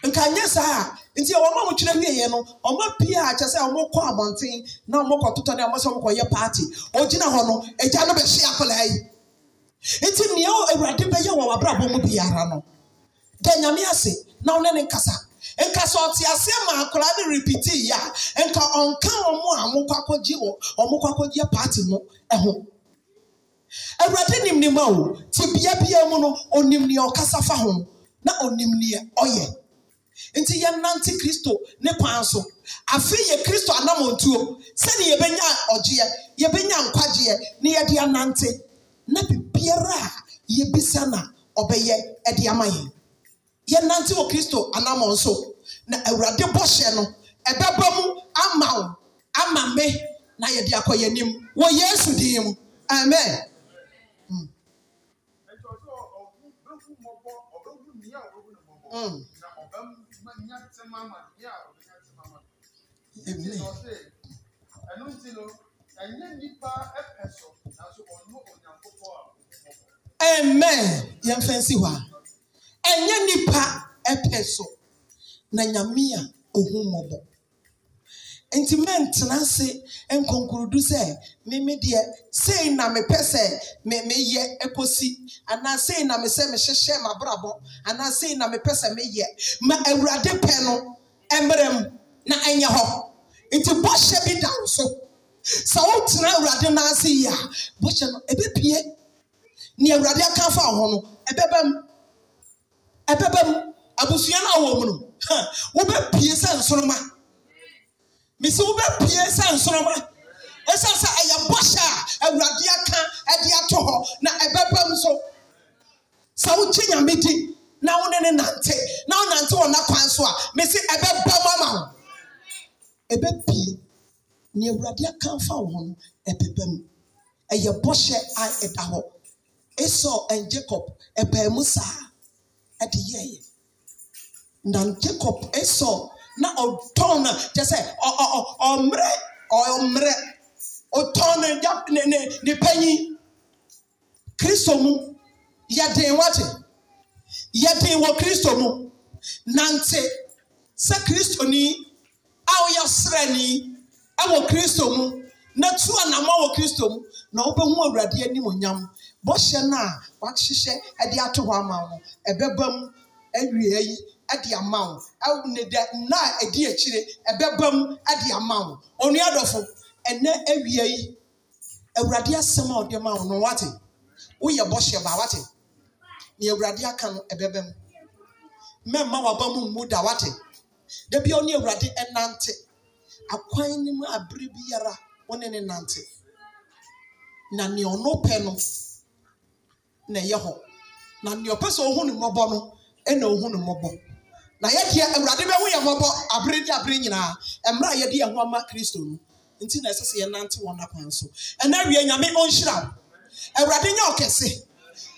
nka nyɛ saa a nti wɔn a wɔtwerɛ wieɛ no wɔn pii a sɛ wɔn kɔ abɔnten na wɔn kɔ totɔ ne wɔn sɛ wɔn kɔ yɛ paati ɔgyina hɔ no agya no bɛ hyia akɔla yi nti nea awurade bɛyɛ wɔ wɔ abrabɔ mu biara no dɛ nyame ase na wɔn ne ne nkasa. nka sɛ ɔte aseɛ ma akora ne repiti yia nka ɔnka wɔn a wɔkɔakɔgye wɔ wɔkɔakɔgye paati no ho awurade nim nim a o te bia bia mu no onim nea ɔkasa fa ho na onim nea ɔyɛ nti yɛn nante kristo ne kwan so afe yɛ kristo anamontuo sɛdeɛ yɛbɛnya ɔgyeɛ yɛbɛnya nkwagyeɛ ne yɛde anante na biribiara a yɛbisa na ɔbɛyɛ de ama yɛn. yɛnante wɔ kristo anammɔn so na awurade bɔhyɛ no ɛbɛbɔ mu ama wo ama me na yɛde akɔ yɛn anim wɔ yesu din mu amen. Mm. Mm. ɛno nti no ɛnyɛ nipa amen ɛnyɛ nipa ɛpɛ so na nyame a ohu mmɔbɔ nti mɛntena ase nkonkurudu sɛ mimi deɛ sei na mepɛ sɛ me meyɛ ɛkɔsi anaa sei na mesɛ mehyehyɛ m'abrabɔ anaa sei na mepɛ sɛ meyɛ ma awurade pɛ no mmerɛ mu na ɛnyɛ hɔ nti bɔhyɛ bi da so sɛ wotena awurade n'ase yi a bɔhyɛ no ɛbɛpie nea awurade aka fa ho no ɛbɛbɛ mu ɛbɛba mu abusua no a wɔ mu no wobɛpie sɛ nsoroma mesi wobɛpie sɛ nsoroma ɛsiane sɛ ɛyɛ bɔhyɛ a awurade aka ɛde ato hɔ na ɛbɛba mu so sɛ wokye nyame di na wo ne ne nante na wonante wɔ nakwan so a mesi ɛbɛba mu ama wo ɛbɛpie nea awurade aka fa wo no ɛbɛba mu ɛyɛ bɔhyɛ a ɛda hɔ esau and jacob ɛbɛn mu saa ɛde yɛɛyɛ na jacob esau na ɔtɔn na kyɛ sɛ ɔmmerɛ ɔmmerɛ ɔtɔn ne ya ne ne ne panyin kristo mu yɛden wate yɛden wɔ kristo mu nante sɛ kristo ni a ɔyɛ srɛni ɛwɔ kristo mu na tu anamɔ wɔ kristo mu na ɔbɛhu awurade anim onyam. bɔhyɛ no a wahyehyɛ de ato hɔ ama wo ɛbɛba mu awia yi de ama wo ɛne nna a ɛdi akyire ɛbɛba mu de ama wo onua dɔfo ɛnɛ awia yi awurade asɛm a ɔde ma wo no wate woyɛ bɔhyɛ wate awurade aka no ɛbɛba mu mmarima waba mu mu da wate dabi a ɔne awurade akwan mu wɔne ne na ɔno pɛ no na ɛyɛ hɔ na nea ɔpɛ sɛ ɔhu ne mmɔbɔ no ɛna ɔhu ne mmɔbɔ na yɛdeɛ awurade bɛhu yɛn mmɔbɔ abere de abere nyinaa mmerɛ a yɛde yɛn ho ama kristo no nti na ɛsɛ sɛ yɛnante wɔn akwan so ɛna awie nyame ɔnhyira wo awurade nyɛ ɔkɛse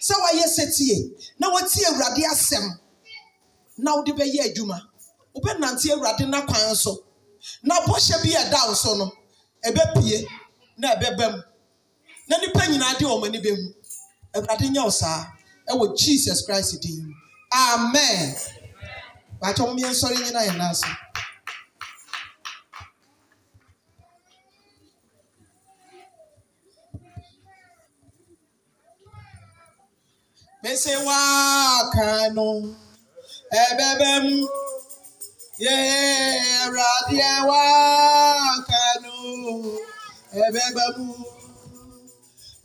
sɛ wayɛ sɛ tie na watie awurade asɛm na wode bɛyɛ adwuma wobɛnante awurade n'akwan so na bɔhyɛ bi ɛda so no ɛbɛpie na ɛbɛba mu na nipa nyinaa de wɔn ani bɛhu awurade nyɛ ɔsaa ɛwɔ jesus christ din mu amen baakyɛ wɔn yɛn nsɔre nyina yɛn nan so. Mese waka no ɛbɛbɛ mu yɛ awurade waka no ɛbɛbɛ mu.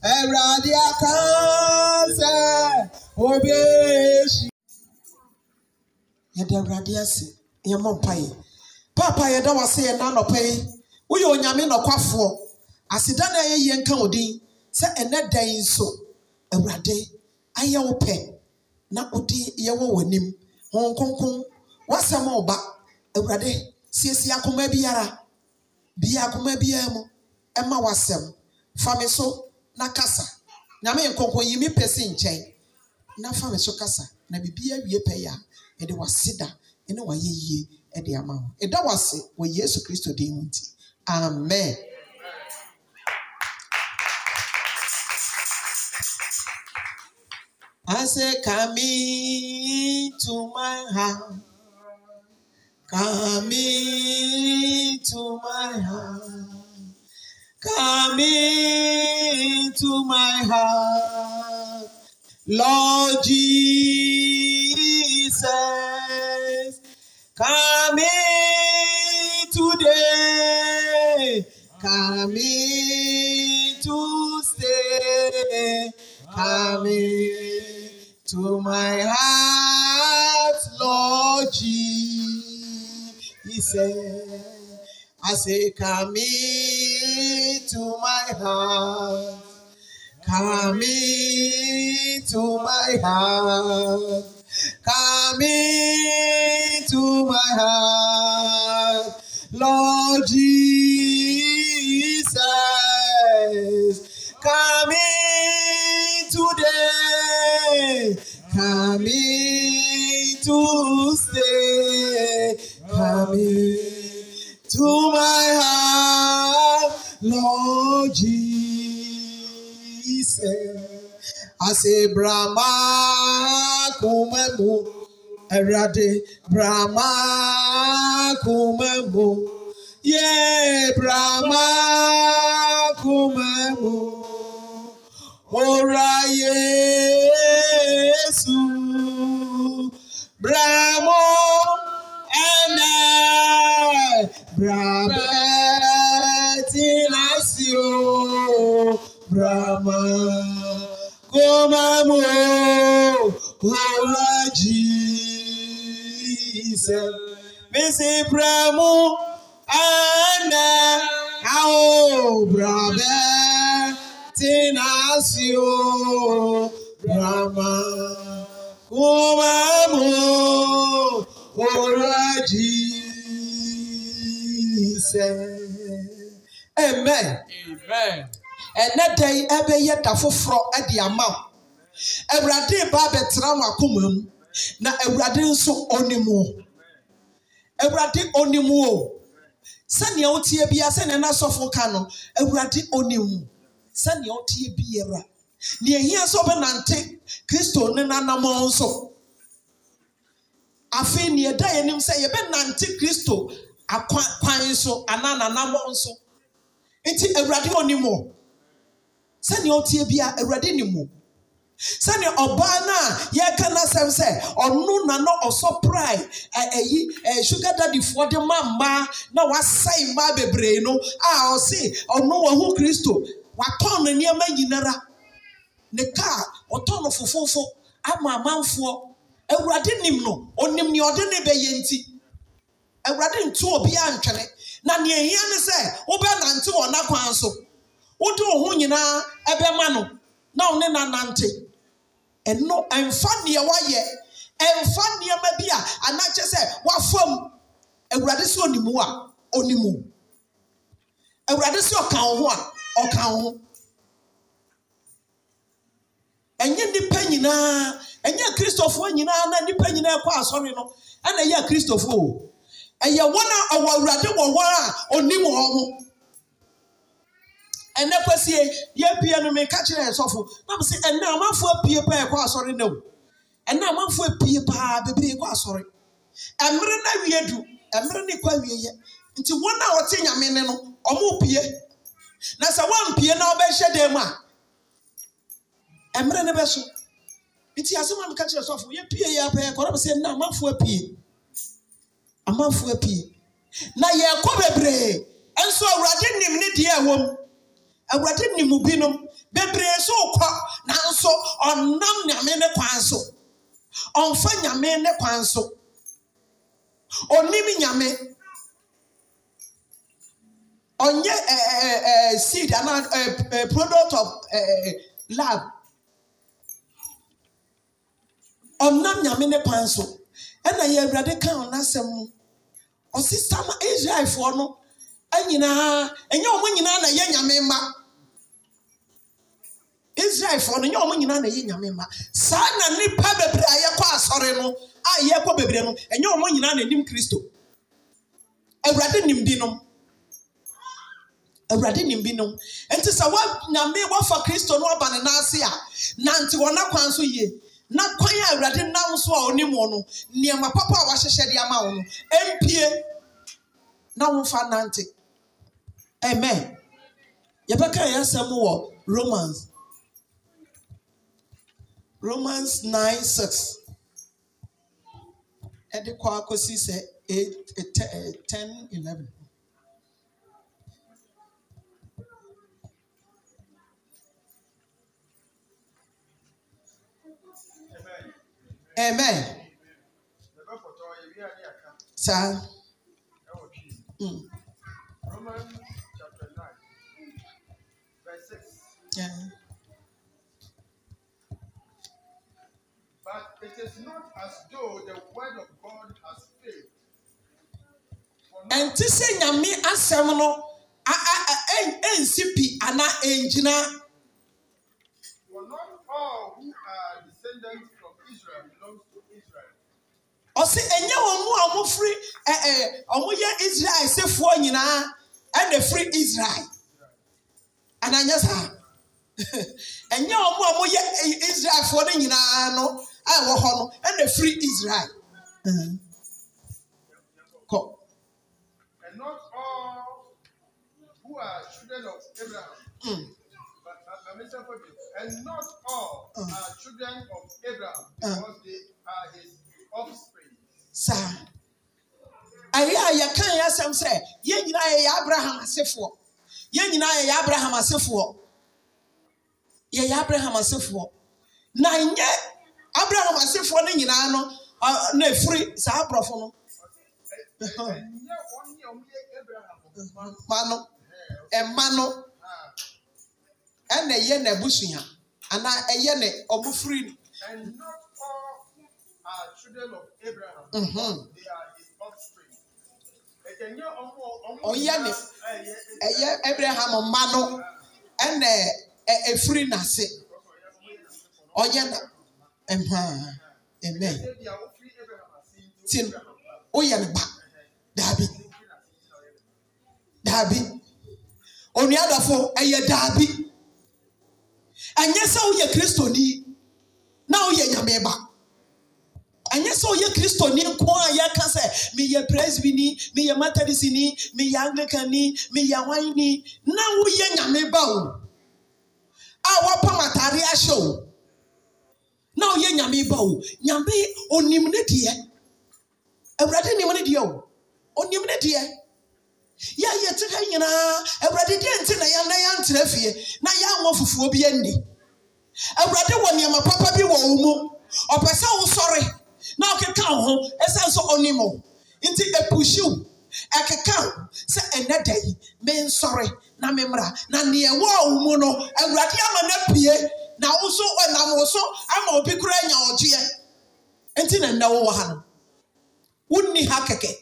Ewurade aka sị, obi èṣù. Yɛde ewurade ase, ihe mɔ mpa yɛ. Paapa yɛda wase yɛn nan nɔpɛ yi, woyɛ onyame nɔkwafoɔ. Aseda na ɛyɛ yɛn ka odin, sɛ ɛnɛ dan nso, Ewurade, ayɛ wo pɛ na odi yɛwɔ w'anim. enim, nkonkon, Wasam ɔba, ewurade siesie akoma biara, bia akoma biara mụ, ɛma wasɛm. Fa me so. na nyame nkɔnkɔn yi mi pɛ si nkyɛn na mi so kasa na bibi awie pɛ ya ɛde wasi da ɛne wayɛ yie ɛde ama ho ɛda wasi wɔ yesu kristo dan mu nti amen. I say, come into my heart. Come into my heart. Come into my heart, Lord Jesus. Come in today, come in to stay, come in to my heart, Lord Jesus. I say, Come into my heart. Come into my heart. Come into my heart. Lord Jesus. Come in today. Come in to stay. Come in to my heart, Lord Jesus. I say, Brahma, kumemu, erade, Brahma, kumemu, yeah, Brahma, kumemu, ora oh, Yesu, Brahma. Brahma te nasceu, Brahma, como amor, Rala diz. Vence Brahma, Ana, Aô, Brahma te nasceu, Brahma, como amor. nsɛ amen ɛnɛ dɛn ɛbɛyɛ da foforɔ de ama Ewurade ba abɛtena wo akoma mu na ewurade nso ɔnim wo awurade ɔnim wo sɛnea wotie bia sɛnea n'asɔfo ka no awurade ɔnim wo sɛnea bia biara nea ehia sɛ ɔbɛnante kristo ne nanam nso afei nea ɛda yɛn anim sɛ yɛbɛnante kristo akwa kwan so anaa nanamɔ nso nti awurade onim o sɛnea ɔteɛ bia awurade nim o sɛnea ɔbaa no a yɛreka n'asɛm sɛ ɔno na na ɔsɔ prae ɛyi ɛɛ sugar daddyfoɔ de ma mmaa na wasɛe mmaa bebree no a ɔse ɔno wɔn ho kristo watɔn ne nneɛma nyinara ne kaa ɔtɔn no fofofo ama amanfoɔ awurade nim no onim nea ɔde ne bɛyɛ nti. awurade ntu obiara ntwene na nea ehia ne sɛ wobɛnante wɔ n'akwan so wode wo ho nyinaa ɛbɛma no na wo nanante ɛno ɛmfa nea wayɛ ɛmfa nneɛma bi a anakyɛ sɛ wafam awurade onimu a onimu awurade sɛ ɔka wo a ɔka wo ho ɛnyɛ nnipa nyinaa nyinaa na nnipa nyinaa asɔre no ɛna ɛyɛ kristofoɔ ɛyɛ wɔn a ɔwɔ awurade wɔ hɔ a onim wɔn ho ɛnɛ kwasie yɛpie no meka kyerɛ ɛsɔfo nam sɛ ɛnɛ amanfo apue paa ɛkɔ asɔre na o ɛnɛ amanfo pie paa bebree kɔ asɔre ɛmmerɛ na wie du ɛmmerɛ ne kwa awie yɛ nti wɔn a wɔte nyame ne no ɔmo pue na sɛ wɔmpue na ɔbɛhyɛ dan mu a ɛmmerɛ ne so. nti asɛm a meka kyerɛ ɛsɔfo yɛpue yɛ apɛ ɛkɔ nam sɛ ɛnɛ amanfo apue amanfoɔ pii na yɛrekɔ bebree nso awurade nim ne deɛ ɛwɔ mu awurade nim binom bebree nso kɔ nanso ɔnam nyame ne kwan so ɔnfa nyame ne kwan so onim nyame ɔnyɛ ɛɛ ɛɛ seed anaa ɛɛ product of ɛɛ lab ɔnam nyame ne kwan so ɛna yɛ awurade ka ɔnasɛm mu. ɔsi sama israelfoɔ no nyinaa ɛnyɛ wɔn nyinaa na ɛyɛ nyame mma israelfoɔ no ɛnyɛ wɔn nyinaa na ɛyɛ nyame mma saa na nipa bebree a yɛkɔ asɔre no a yɛkɔ bebree no ɛnyɛ wɔn nyinaa na anim kristo Ewurade nim binom awurade nim binom nti sɛ wɔn nyame wɔfa kristo no ɔba ne nan ase a nante wɔn akwan nso yie. na kwan a awurade nam so a ɔne mu no nneɛma papa a wahyehyɛ de ama wo no mpie na womfa nante amen yɛbɛka yɛ asɛm wɔ romans romans 9 6 ɛde kɔ akɔsi sɛ eh, eh, ten eleven Amen. Sir. Romans chapter 9, verse 6. Yeah. But it is not as though the word of God has failed. For not all who are descendants ɔsi enye wɔn mu a wɔn firi ɛɛ wɔn yɛ israel sefoɔ nyinaa ɛna firi israel ananya saa enye wɔn mu a wɔn yɛ israelfoɔ no nyinaa no a ɛwɔ hɔ no ɛna firi israel mhm. kɔ. And not all who And not all are children of Abraham mm. uh, mm. mm. because they are his offspring saa ɛyɛ a yɛka yɛ asɛm sɛ yɛn nyinaa yɛyɛ abraham asefoɔ yɛn nyinaa yɛyɛ abraham asefoɔ yɛyɛ abraham asefoɔ na nyɛ abraham asefoɔ no nyinaa no na efiri saa aborɔfo no mma no mma no ɛna ɛyɛ n'abusua anaa ɛyɛ ne ɔmo firi children of Abraham. Mm-hmm. They are his offspring. Ọyẹ ni ẹyẹ Abraham mma no ẹna efiri n'ase ọyẹ na mmaa amen ti no oyẹ ne ba daabi daabi onuadafo ɛyɛ daabi ɛnyɛ sɛ woyɛ kristoni na woyɛ nyameba ɛnyɛ sɛ ɔyɛ kristoni nko a yɛka sɛ meyɛ presbini meyɛ methodisni meyɛ anglicani meyɛ wanni na woyɛ nyame ba o a wɔapam atare ahyɛ o na ɔyɛ nyame ba o nyame onim ne deɛ awurade nim ne deɛ o onim ne deɛ yɛ yɛte ha nyinaa awurade deɛ nti na yɛn na yɛntrɛ fie na yɛanwɔ fufuo bi anni awurade wɔ nneɛma papa bi wɔ wo mu ɔpɛ sɛ na ɔkeka wo ho ɛsiane sɛ ɔnim wo nti ɛpuhyiw ɛkeka sɛ ɛnɛ da yi mensɔre na memmra na neɛ wɔ wo mu no awurade ama no pie na wo so ɔnam ama obi kora anya ɔgyeɛ nti na nnɛ wowɔ ha no wonni ha kɛkɛ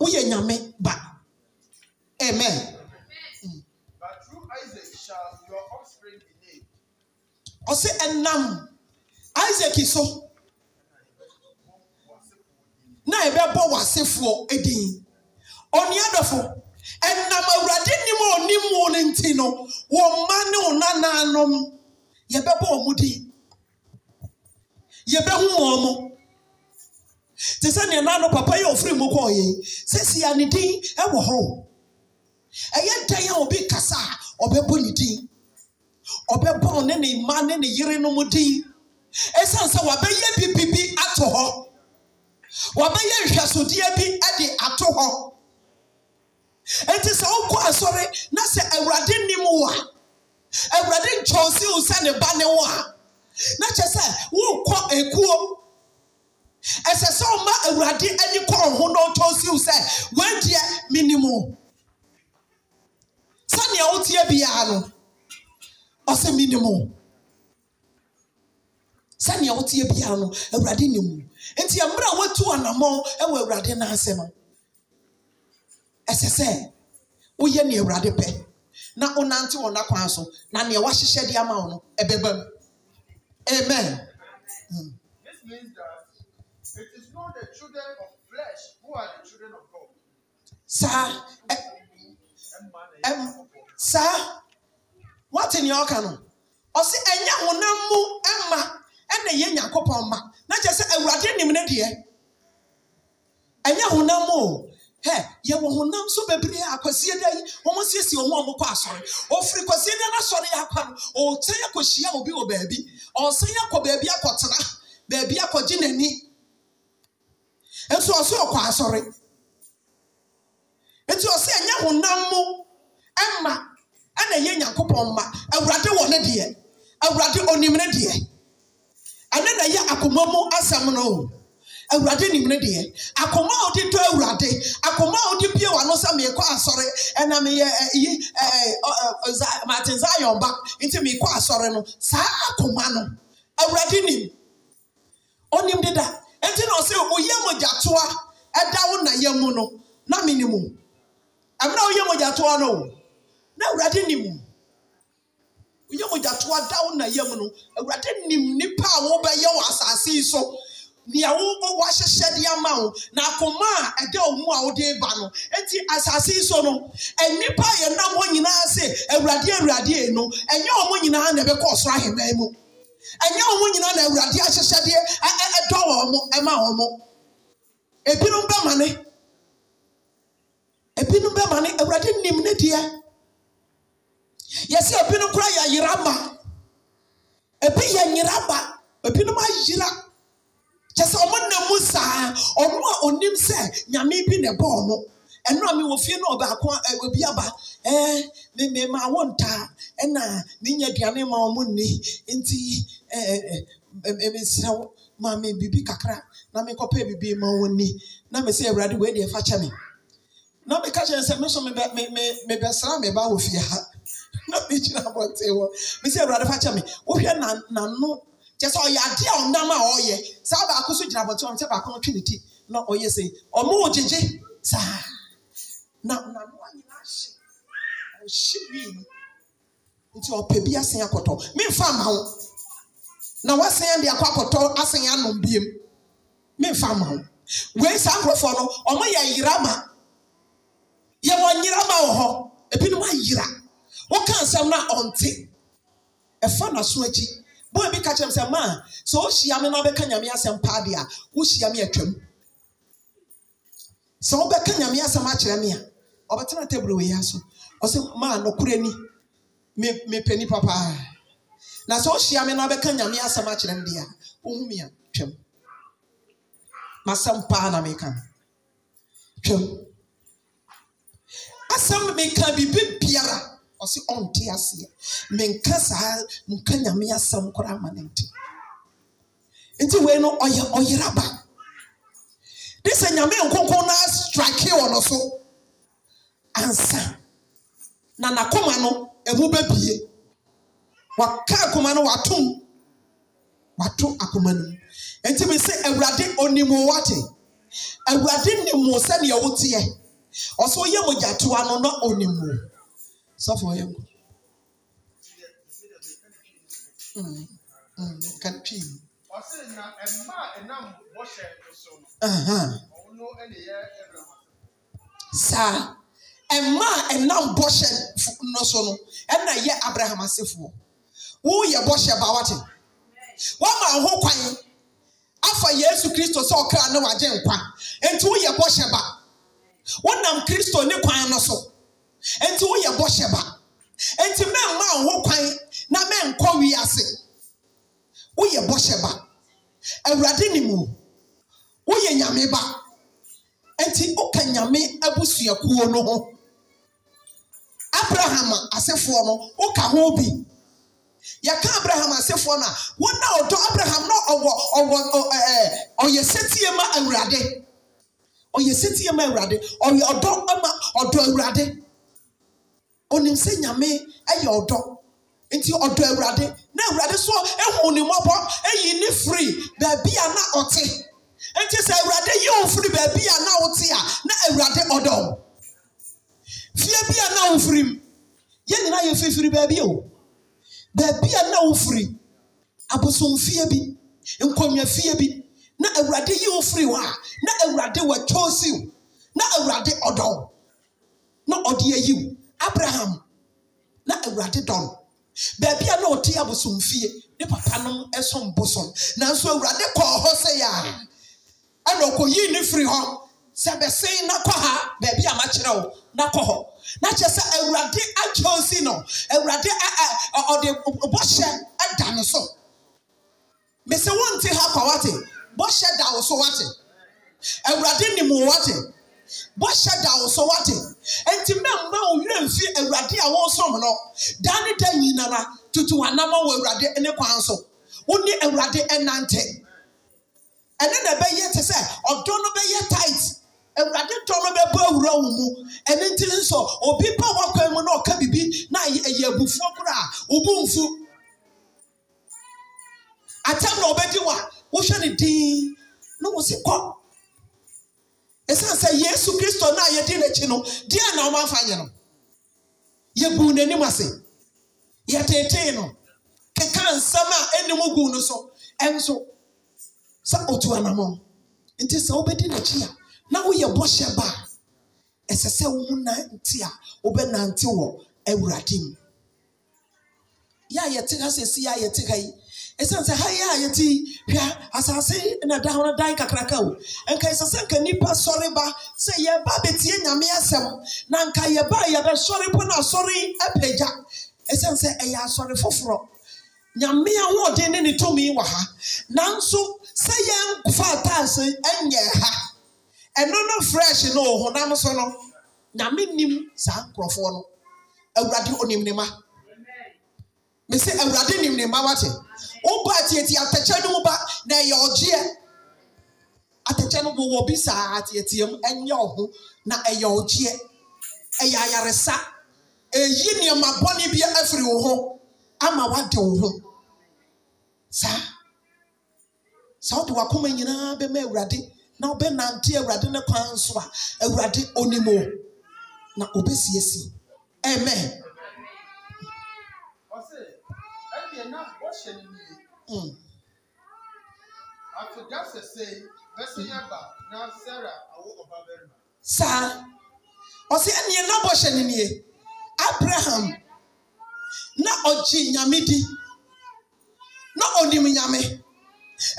woyɛ nyame ba amen ɔsɛ ɛnam isak so na ɛbɛbɔ w'asefoɔ din ɔneadɔfo ɛnam awurade nnim a ɔnim wo no nti no wɔ mma ne wo nanaanom yɛbɛbɔ ɔ mu din yɛbɛhu mɔɔ mo te sɛneɛ naa no papa yɛ ɔfiri mu sisi sɛsia ne din ɛwɔ hɔ ɛyɛ dan a ɔbi kasa a ɔbɛbɔ ne din ɔbɛbɔ ne ne mma ne ne yere no mu din ɛsiane sɛ wabɛyɛ bibibi ato hɔ wabɛyɛ nhwɛsodeɛ bi de ato hɔ ɛnti sɛ wokɔ asɔre na sɛ awurade nim wo a awurade nkyɛw se wo sɛ ne ba ne wo a na kyɛ sɛ worekɔ ekuo ɛsɛ sɛ ɔma awurade ani kɔn ho na ɔtɔn si wo sɛ wɔadiɛ menim wo sɛnea woteɛ biara no ɔsɛ menim wo sɛnea woteɛ biara no awurade ne mu nti mmerɛ a woatu anammɔn wɔ awurade n'ase no ɛsɛ sɛ woyɛ ne awurade pɛ na wonante wɔ n'akwan so na nea wahyehyɛ de ama wo no ɛbɛba mu amen hmm. Saa saa eh, wate nea ɔka no ɔsi ɛnyɛ honam mu ɛma. ɛna yɛ nyankopɔn ma na kyerɛ sɛ awurade nim ne deɛ ɛnyɛ honam o hɛ yɛwɔ honam so bebree a kwasiɛ da yi wɔn siesie wɔn a wɔkɔ asɔre ofiri kwasiɛ da n'asɔre yɛ akwa no ɔɔkyɛ yɛ kɔhyia obi wɔ baabi ɔɔsɛ yɛ kɔ baabi akɔtena baabi akɔgye n'ani nso ɔsɛ ɔkɔ asɔre nti ɔsɛ ɛnyɛ honam mu ɛma ɛna yɛ nyankopɔn ma awurade wɔ ne deɛ awurade onim ne deɛ. ɛne na ɛyɛ akoma mu asɛm no o awurade nim ne deɛ akoma a wɔde tɔ awurade akoma a wɔde pie wano sɛ meekɔ asɔre ɛna meyɛ yi martin zion ba nti meekɔ asɔre no saa akoma no awurade nim ɔnim deda nti na ɔsɛ oyɛ mogyatoa ɛda wo na yɛ mu no na menim o ɛmena woyɛ mogyatoa no na awurade nim woyɛ mogyatoa daw na yam no awurade nim nnipa a wobɛyɛ wɔ asase yi so nea wowahyehyɛdeɛ ama wo na akoma a ɛda wo mu a wode ba no enti asase yi so no nnipa a yɛnam hɔ nyinaa sɛ awurade awurade no ɛnyɛ wɔ mo nyinaa na ɛbɛkɔ ɔsoro ahemman mu ɛnyɛ wɔ mo nyinaa na awurade ahyehyɛdeɛ ɛdɔ wɔ mo ɛma wɔ mo ebinom bɛma ne ebinom bɛma ne awurade nim ne deɛ yɛsɛ ebinom kora yɛ ayera ma ebi yɛ nyera ma ebinom ayera kyɛ sɛ ɔmo nam mu saa ɔmo a onim sɛ nyame bi na ɛbɔ ɔmo ɛno a mewɔ fie no ɔbaako obi aba ɛɛ ne ne ma awo ntaa ɛna ne nya aduane ma ɔmo nni nti ɛɛ ɛɛ mesrɛw maame bibi kakra na mekɔpɛ bibi ma wɔn ni na mesɛ awurade wei deɛ fa kyɛ me na meka kyerɛ sɛ mesɔ mebɛsra me ba wɔ fie ha na mekyina abɔnten hɔ mesɛ awurade fa kyɛ me wohwɛ kyɛ sɛ ɔyɛ a ɔnam a ɔyɛ saa baako so gyina abɔnten hɔ baako no ne ti na ɔyɛ sɛ ɔmo wɔ gyegye saa na a nti ɔpɛ bi asen akɔtɔ ma wo na wasen de akɔ akɔtɔ asen anom biem memfa ama wo wei saa nkurɔfoɔ no ɔmo yɛ wɔ hɔ ebinom woka asɛm na ɔnte ɛfa n'aso akyi bɔn bi ka kyerɛ mi sɛ maa sɛ ohyia mi na bɛka nyame asɛm paa deɛ a wohyia mi atwam sɛ wobɛka nyame asɛm akyerɛ mi a ɔbɛtena table wɔ yi so ɔsɛ maa nɔkura ni me mepɛ nipa paa na sɛ ohyia mi na bɛka nyame asɛm akyerɛ mi deɛ a ohun mi atwam masɛm paa na meka twam asɛm meka bibi biara ɔsi ɔnte aseɛ menka saa nka nyame asɛm koraa ama ne nte nti wei no ɔyɛ ɔyeraba de sɛ nyame nkonkon no astrike wɔ no so ansa na n'akoma no ɛmu bɛbie waka akoma no watom wato akoma no mu nti mi sɛ awurade onimu wate awurade nimu sɛnea woteɛ ɔsɛ oyɛ mogyatoa no na onimu sọfọ yẹ kọ mm, kan mm, pii. ọsẹ na ẹmma ẹnam bọhyẹ ẹsọ no ọwọ ẹna yẹ ẹbraham. saa ẹmma ẹnam bọhyẹ ẹsọ no ẹna yẹ abraham asefoɔ wɔyɛ bɔhyɛ bawate wɔma ho kwan afa yesu kristo sɛ ɔkra ne wagye nkwa nti woyɛ bɔhyɛ ba wonam kristo ne kwan no so. enti woyɛ bɔhyɛ ba enti mɛmma nho kwan na mɛnkɔ wiase woyɛ bɔhyɛ Ewurade awurade nim o woyɛ nyame ba enti woka nyame abusuakuo no ho abraham asefoɔ no woka ho bi yɛka abraham asefoɔ no a wɔn a ɔdɔ abraham na ɔwɔ ɔwɔ ɛɛ ɔyɛ setie ma awurade ɔyɛ setie ma awurade ɔyɛ ɔdɔ ma ɔdɔ ewurade. onim sɛ nyame ɛyɛ ɔdɔ nti ɔdɔ awurade na awurade so ehu ne mmɔbɔ eyi ne firi baabi a na ɔte nti sɛ awurade yi wo firi baabi a na ɔte a na awurade ɔdɔ fie bi a na ofiri mu yɛn nyinaa yɛ fifiri baabi o baabi a na ofiri abosomfie bi nkonnwafie bi na awurade yi ofiri hɔ a na awurade wɔ kyɔɔsi na awurade ɔdɔ na ɔde ayi wo. abraham na awurade dɔ no baabi a na ɔte abosomfie ne papanom som bosom nanso awurade kɔɔ hɔ sɛ yɛ a ɛna ɔkɔyii ne firi hɔ sɛ bɛsen na kɔ ha baabi a makyerɛ wo na kɔ hɔ na kyerɛ sɛ awurade akyɛosi no awurade ɔde bɔhyɛ da ne so mesɛ wonte ha kɔ wate bɔhyɛ da wo so wate awurade nim wo wate bɔhyɛ da wo so wate nti mmɛmma wo werɛ mfi awurade a wɔresom no da ne da nyinara tutu wanama wɔ awurade ne kwan so wo ne awurade nante ɛne na ɛbɛyɛ te sɛ ɔdɔ no bɛyɛ tight awurade tɔ no bɛbɔ awura wo mu ɛne nti nso obi pa wakwan mu na ɔka biribi na ɛyɛ abufuo koraa wo bu mfu atam na ɔbɛdi wa wohwɛ ne din na wo si kɔ ɛsiane sɛ yesu kristo no a yɛdi n'akyi no deɛ na ɔma afa nyɛ no yɛbuu n'anim ase yɛtetee no keka nsɛm a ɛnim gu no so ɛnso sɛ ɔtu anammɔ nti sɛ wobɛdi n'akyi a na woyɛ bɔhyɛ ba a ɛsɛ sɛ wo ho nante a wobɛnante wɔ awurade mu yɛ a yɛte ha sɛ si a yɛte ha yi ɛsiane sɛ ha yɛ a yɛti hwɛ asase na da ho no dan kakraka o nka ɛsɛ sɛ nka nipa sɔre ba sɛ yɛba bɛtie nyame asɛm na nka yɛba a yɛbɛsɔre po na asɔre apagya ɛsiane sɛ ɛyɛ asɔre foforɔ nyame a wɔɔden ne ne tumi wɔ ha nanso sɛ yɛnfa ataase ɛnyɛ ha ɛno no fresh no wɔ honam so no nyame nim saa nkurɔfoɔ no awurade onim ne mese awurade nim ne mma wate woba atiatia atɛkyɛ no woba na ɛyɛ ɔgyeɛ atɛkyɛ no wowɔ bi saa atiatiam ɛnyɛ ɔho na ɛyɛ ɔgyeɛ ɛyɛ ayaresa eyi nneɛma bɔne bi afiri wo ho ama wade wo ho saa saa wode wakoma nyinaa bɛma awurade na wobɛnante awurade ne kwan so a awurade onimo na obesiesie. amen hyɛ hm. hm. no yie. Afei Dasa sɛ bɛsi yɛ ba na Sarah awo ɔba bɛrima. Saa ɔsi ɛnìyɛ n'abɔ hyɛ no yie Abraham na ɔgye nyamidi na onim nyame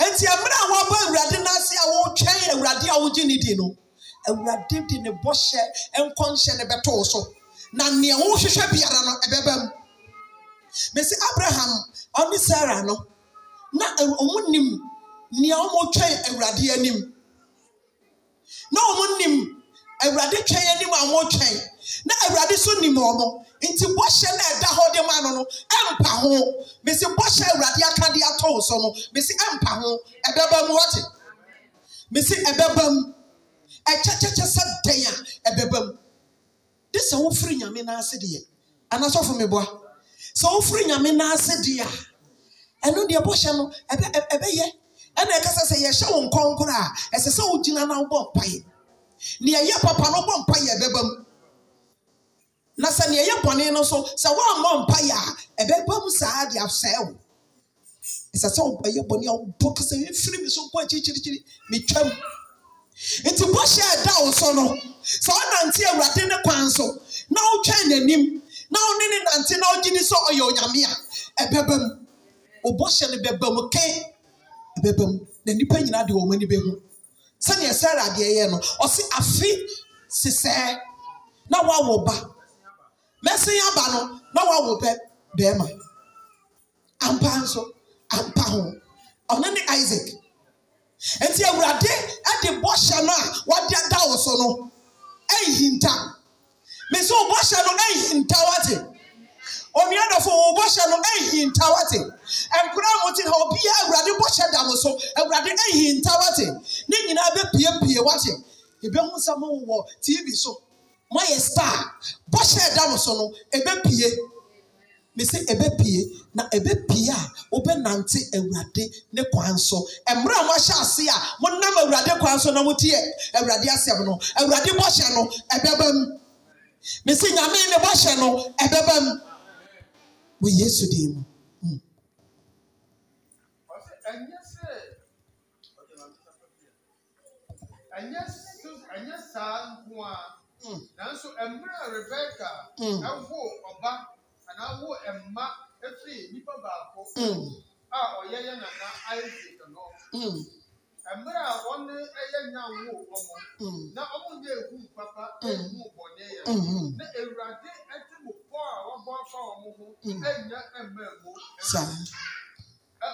nti mmerɛ a wɔabɔ awurade n'ase a wɔretwɛn awurade a wɔgye ne di no awurade di ne bɔhyɛ nkɔnhyɛ ne bɛtoo so na nea wɔrehwehwɛ biara no ɛbɛba mu. Mesi Abraham ɔne sara no na ɔmo nim nea ɔmotwɛn awurade anim na ɔmo nim awurade twɛn anim a ɔmotwɛn na awurade so nim ɔmo nti bɔhyɛ na ɛda hɔ de ma no no ɛmpa ho bɛsi bɔhyɛ awurade aka de atɔ so no bɛsi ɛmpa ho ɛbɛba mu wɔte bɛsi ɛbɛba mu ɛkyɛkyɛkyɛ sɛ dɛn a ɛbɛba mu de sɛ wofiri nyame n'ase deɛ anasɔfo mi boa. sɛ wofiri nyame n'ase deɛ a ɛno deɛ bɔhyɛ no ɛbɛyɛ ɛna ɛkasa sɛ yɛhyɛ wo nkɔnkoro a ɛsɛ sɛ wogyina na wobɔ mpaeɛ nea ɛyɛ papa no bɔ mpaeɛ ɛbɛba mu na sɛ nea ɛyɛ bɔne no so sɛ woammɔ mpaeɛ a ɛbɛba mu saa de asɛe wo ɛsɛ sɛ woyɛ bɔne a wobɔ kasa ɛfiri me so nkɔ akyirikyirikyiri metwam nti bɔhyɛ ɛda wo so no sɛ wonante awurade ne kwan so na wotwɛn n'anim na ɔne ne nante na ɔgye ne sɛ ɔyɛ onyame a ɛbɛba mu ɔbɔ hyɛ no bɛba mu kɛn ɛbɛba mu na nnipa nyinaa de wɔn ani bɛhu sɛnea sɛre adeɛ yɛ no ɔse afi sesɛɛ na woawo ba mɛsen aba no na woawo bɛ bɛrima ampa nso ampa ho ɔno ne isaac nti awurade de bɔhyɛ no a wɔde da wo so no ɛnhinta mesɛ wo bɔhyɛ no ahinta wate onuadɔfo wo bɔhyɛ no ahinta wate nkora a mote ha obiaa awurade bɔhyɛ da mo so awurade ahinta wate ne nyinaa bɛpiepie wate yɛbɛhu sɛ mowowɔ tv so moayɛ star bɔhyɛ da mo so no ɛbɛpie mesɛ pie na pie a wobɛnante awurade ne kwan so mmerɛ a moahyɛ ase a nam awurade kwan so na moteɛ awurade asɛm no awurade bɔhyɛ no ɛbɛba mu mesi nyame ne bɔhyɛ no ɛbɛba mu wɔ yesu din mu. Hmm. ɛnyɛ saa nko a hmm. nanso mmerɛ a rebeka hmm. ɛwo ɔba anaa wo mma efiri nipa baako a ɔyɛ yɛ nana isaac no mmerɛ hmm. hmm, hmm. a wɔn yɛ nyanwo wɔ wɔn na wɔn nyɛ ehu papa ehu bɔnɛ yɛ na ewurade ɛte mu pɔ a wɔbɔ afa wɔn ho ɛnya mma mu ɛmu a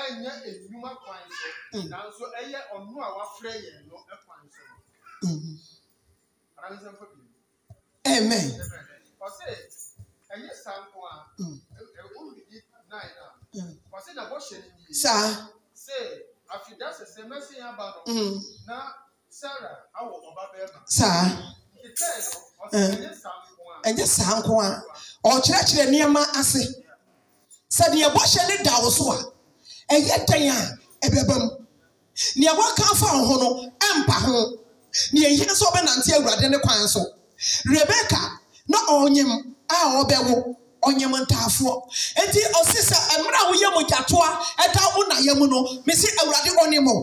ɛnya enyuma kwan so nanso ɛyɛ ɔno a wafrɛ yɛn no ɛkwan e so. Amen. Ɔsɛ ɛyɛ sanko a ɛwɔ e, e, wuli nine na ɔsɛ na wɔhyɛ ne yie. Saa. Sɛ afidie asese mmesi ya aba no mm. na sarah awɔ ɔba bɛrima saa ɛnyɛ eh. saa nko a ɔkyerɛkyerɛ nneɛma ase sɛdeɛ bɔhyɛ ne da wo so a ɛyɛ dan a ɛbɛba mu nea wɔka afa wo ho no ɛmpa ho nea ɛyɛ nso ɔbɛnante awurade ne kwan so rebeka na ɔnyem a ɔbɛwo ɔnyɛm ntaafoɔ eti ɔsi sɛ mmerɛ a woyɛ mo gyatoa ɛda wo na yɛ mu no mesi awurade ɔnim o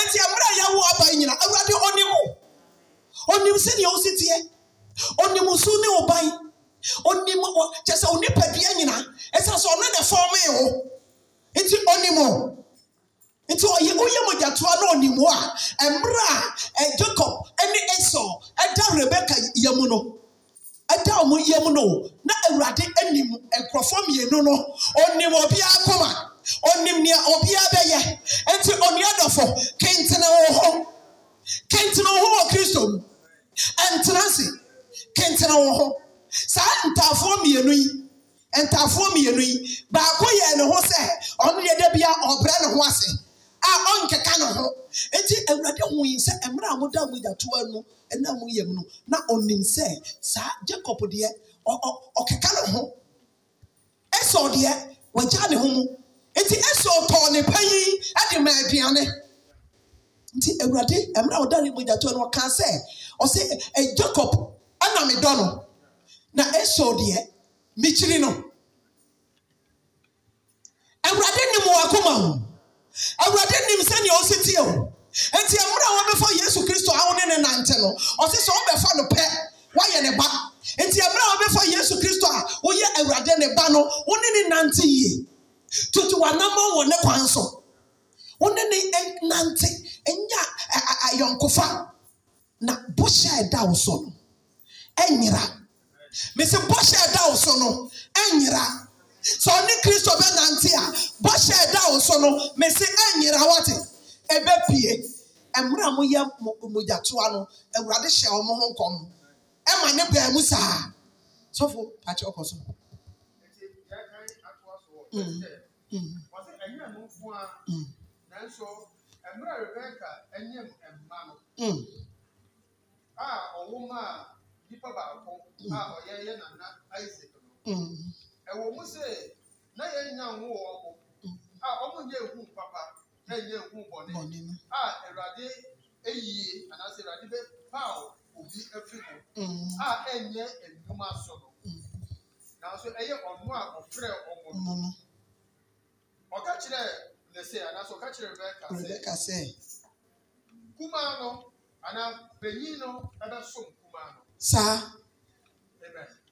eti mmerɛ a yɛwo aba yi nyina awurade ɔnim o ɔnim sɛnea wosi teɛ ɔnim nsu ne wo ɔnim wɔ kyɛ sɛ onipadua nyina ɛsɛ sɛ ɔno na fɔmee wo eti ɔnim o nti ɔyɛ woyɛ mo gyatoa na ɔnim o a mmerɛ a jacob ne esau ɛda rebeka yɛ mu no ɛda ɔmo yam no na awurade anim nkurɔfoɔ mmienu no onim obiara koma onim nea obiara bɛyɛ nti onua dɔfo kentena wo ho kentena wo ho wɔ kristo mu ɛntena se kentena wo ho saa ntaafoɔ mmienu yi ntaafoɔ mmienu yi baako yɛ ne ho sɛ ɔno yɛ dɛ ɔbrɛ ne ho ase a ɔnkeka ne ho eti awurade hu yi sɛ mmerɛ a moda mo yatoa no ɛna mo yam no na ɔnim sɛ saa jacob deɛ ɔkeka ne ho esau deɛ wagya ne ho mu eti esau tɔɔ ne panyin ɛde ma aduane nti awurade mmerɛ a ɔda ne mo yatoa no ɔka sɛ ɔsɛ ɛ jacob ɛna me dɔ no na esau deɛ mekyiri no awurade ne mo akoma ho. awurade nim sɛnea ɔsi tie o nti mmerɛ a wɔbɛfa yesu kristo awo ne ne nante no ɔsi sɛ ɔbɛfa no pɛ wayɛ ne ba nti mmerɛ a wɔbɛfa yesu kristo a wɔyɛ awurade ne ba no wɔne ne nante yie tutu wanamɔ wɔ ne kwan so wɔne ne e, nante nya ayɔnkofa na bɔhyɛ ɛda wo so no ɛnyera mesi bɔhyɛ ɛda wo so no ɛnyera. sɛ ɔne kristo bɛnante a bɔhyɛ ɛda wo so no mese anyera wate ɛbɛpie mmerɛ a moyɛ mogyatoa no awurade hyɛ ɔmo ho nkɔm ɛma ne baa mu saa sɔfo pakyɛ ɔkɔ so nanso mmerɛ rebeka anyam mma no a ɔwo ma mm. a nipa baako a ɔyɛ yɛ nana isaac no ɛwɔ mu sɛ na yɛnya ho wɔ ɔmo a ɔmo nyɛ ehu papa na nyɛ ehu bɔne a awurade eyie anaasɛ awurade bɛ paaw obi afiri ho a ɛnyɛ enuma so no nanso ɛyɛ ɔmo a ɔfrɛ ɔmo no ɔka kyerɛ lɛsɛ anaasɛ ɔka kyerɛ rebeka sɛ rebeka sɛ kumaa no anaa benyin no ɛbɛ som kumaa no saa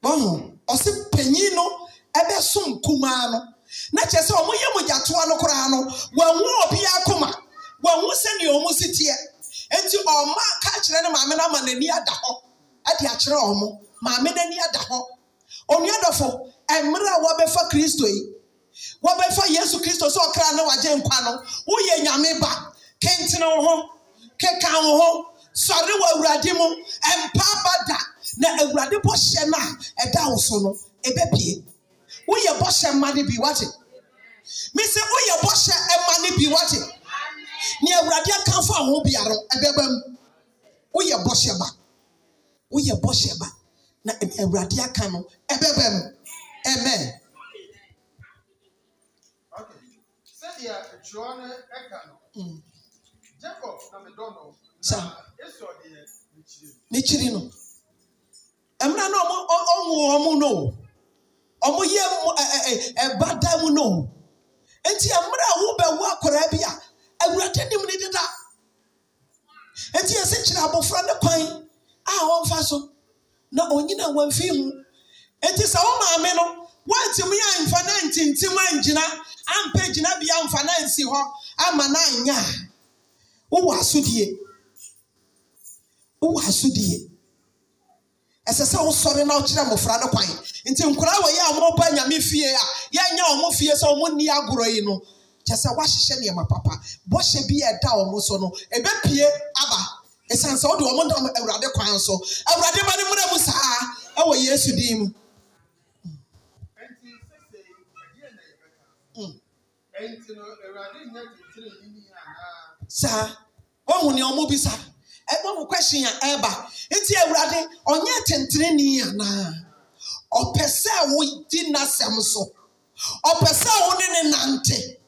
ɔho ɔsi penyin no. Ebe so nkume no na kyerɛ sɛ ɔmoyɛ mogyatoa no koraa no wɔahu ɔbea koma wɔahu sɛnea ɔmo si teɛ enti ɔma ka kyerɛ no maame no ama n'ani ada hɔ ɛde akyerɛ ɔmo maame n'ani ada hɔ onua dɔfo mmerɛ a wɔbɛfa kristo yi wɔbɛfa yesu kristo sɛ ɔkra ne wagye nkwa no woyɛ nyame ba kentene wo ho keka wo ho sɔre wɔ awurade mu mpa ba da na awurade bɔhyɛ no a ɛda wo so no pie. woyɛ bɔhyɛ mma no bi wate me sɛ woyɛ bɔhyɛ mma no bi wate nea awurade akamfo a ho biara ɛbɛba mu woyɛ bɔhyɛ ba woyɛ bɔhyɛ ba na awurade aka no ɛbɛba mu amen. sɛdeɛ atwerɛ no ɛka jacob na medɔ no na esau deɛ mekyiri no mmara no ɔmo ɔnwo ɔmo no ɔmo yɛ ɛɛ ɛba dan mu no nti mmerɛ a wobɛwo akwaraa bi a awurade nim ne deda nti yɛsɛ kyerɛ abɔfra ne kwan a wɔmfa so na ɔnyina wɔmfi ho nti sɛ wo maame no woantumi amfa na ntintim angyina ampɛ gyinabea amfa na ansi hɔ ama na anyɛ wowɔ asodie wowɔ asodie ɛsɛ sɛ wosɔre na ɔkyerɛ mmɔfra no kwan nti nkoraa wɔyɛ a wɔba nyame fie a yɛnyɛ wɔn fie sɛ wɔn nni agorɔ yi no kyɛ sɛ wahyehyɛ nneɛma papa bɔhyɛ bi a ɛda wɔn so no ɛbɛpie aba ɛsiane sɛ wode wɔn nam awurade kwan so awurade ma ne mmerɛ mu saa ɛwɔ yesu din mu. Mm. saa wɔn mu nea bi saa. e ho question a ɛreba nti awurade ɔnyɛ tenteneni anaa ọpese a wodi n'asɛm so ɔpɛ sɛ wo ne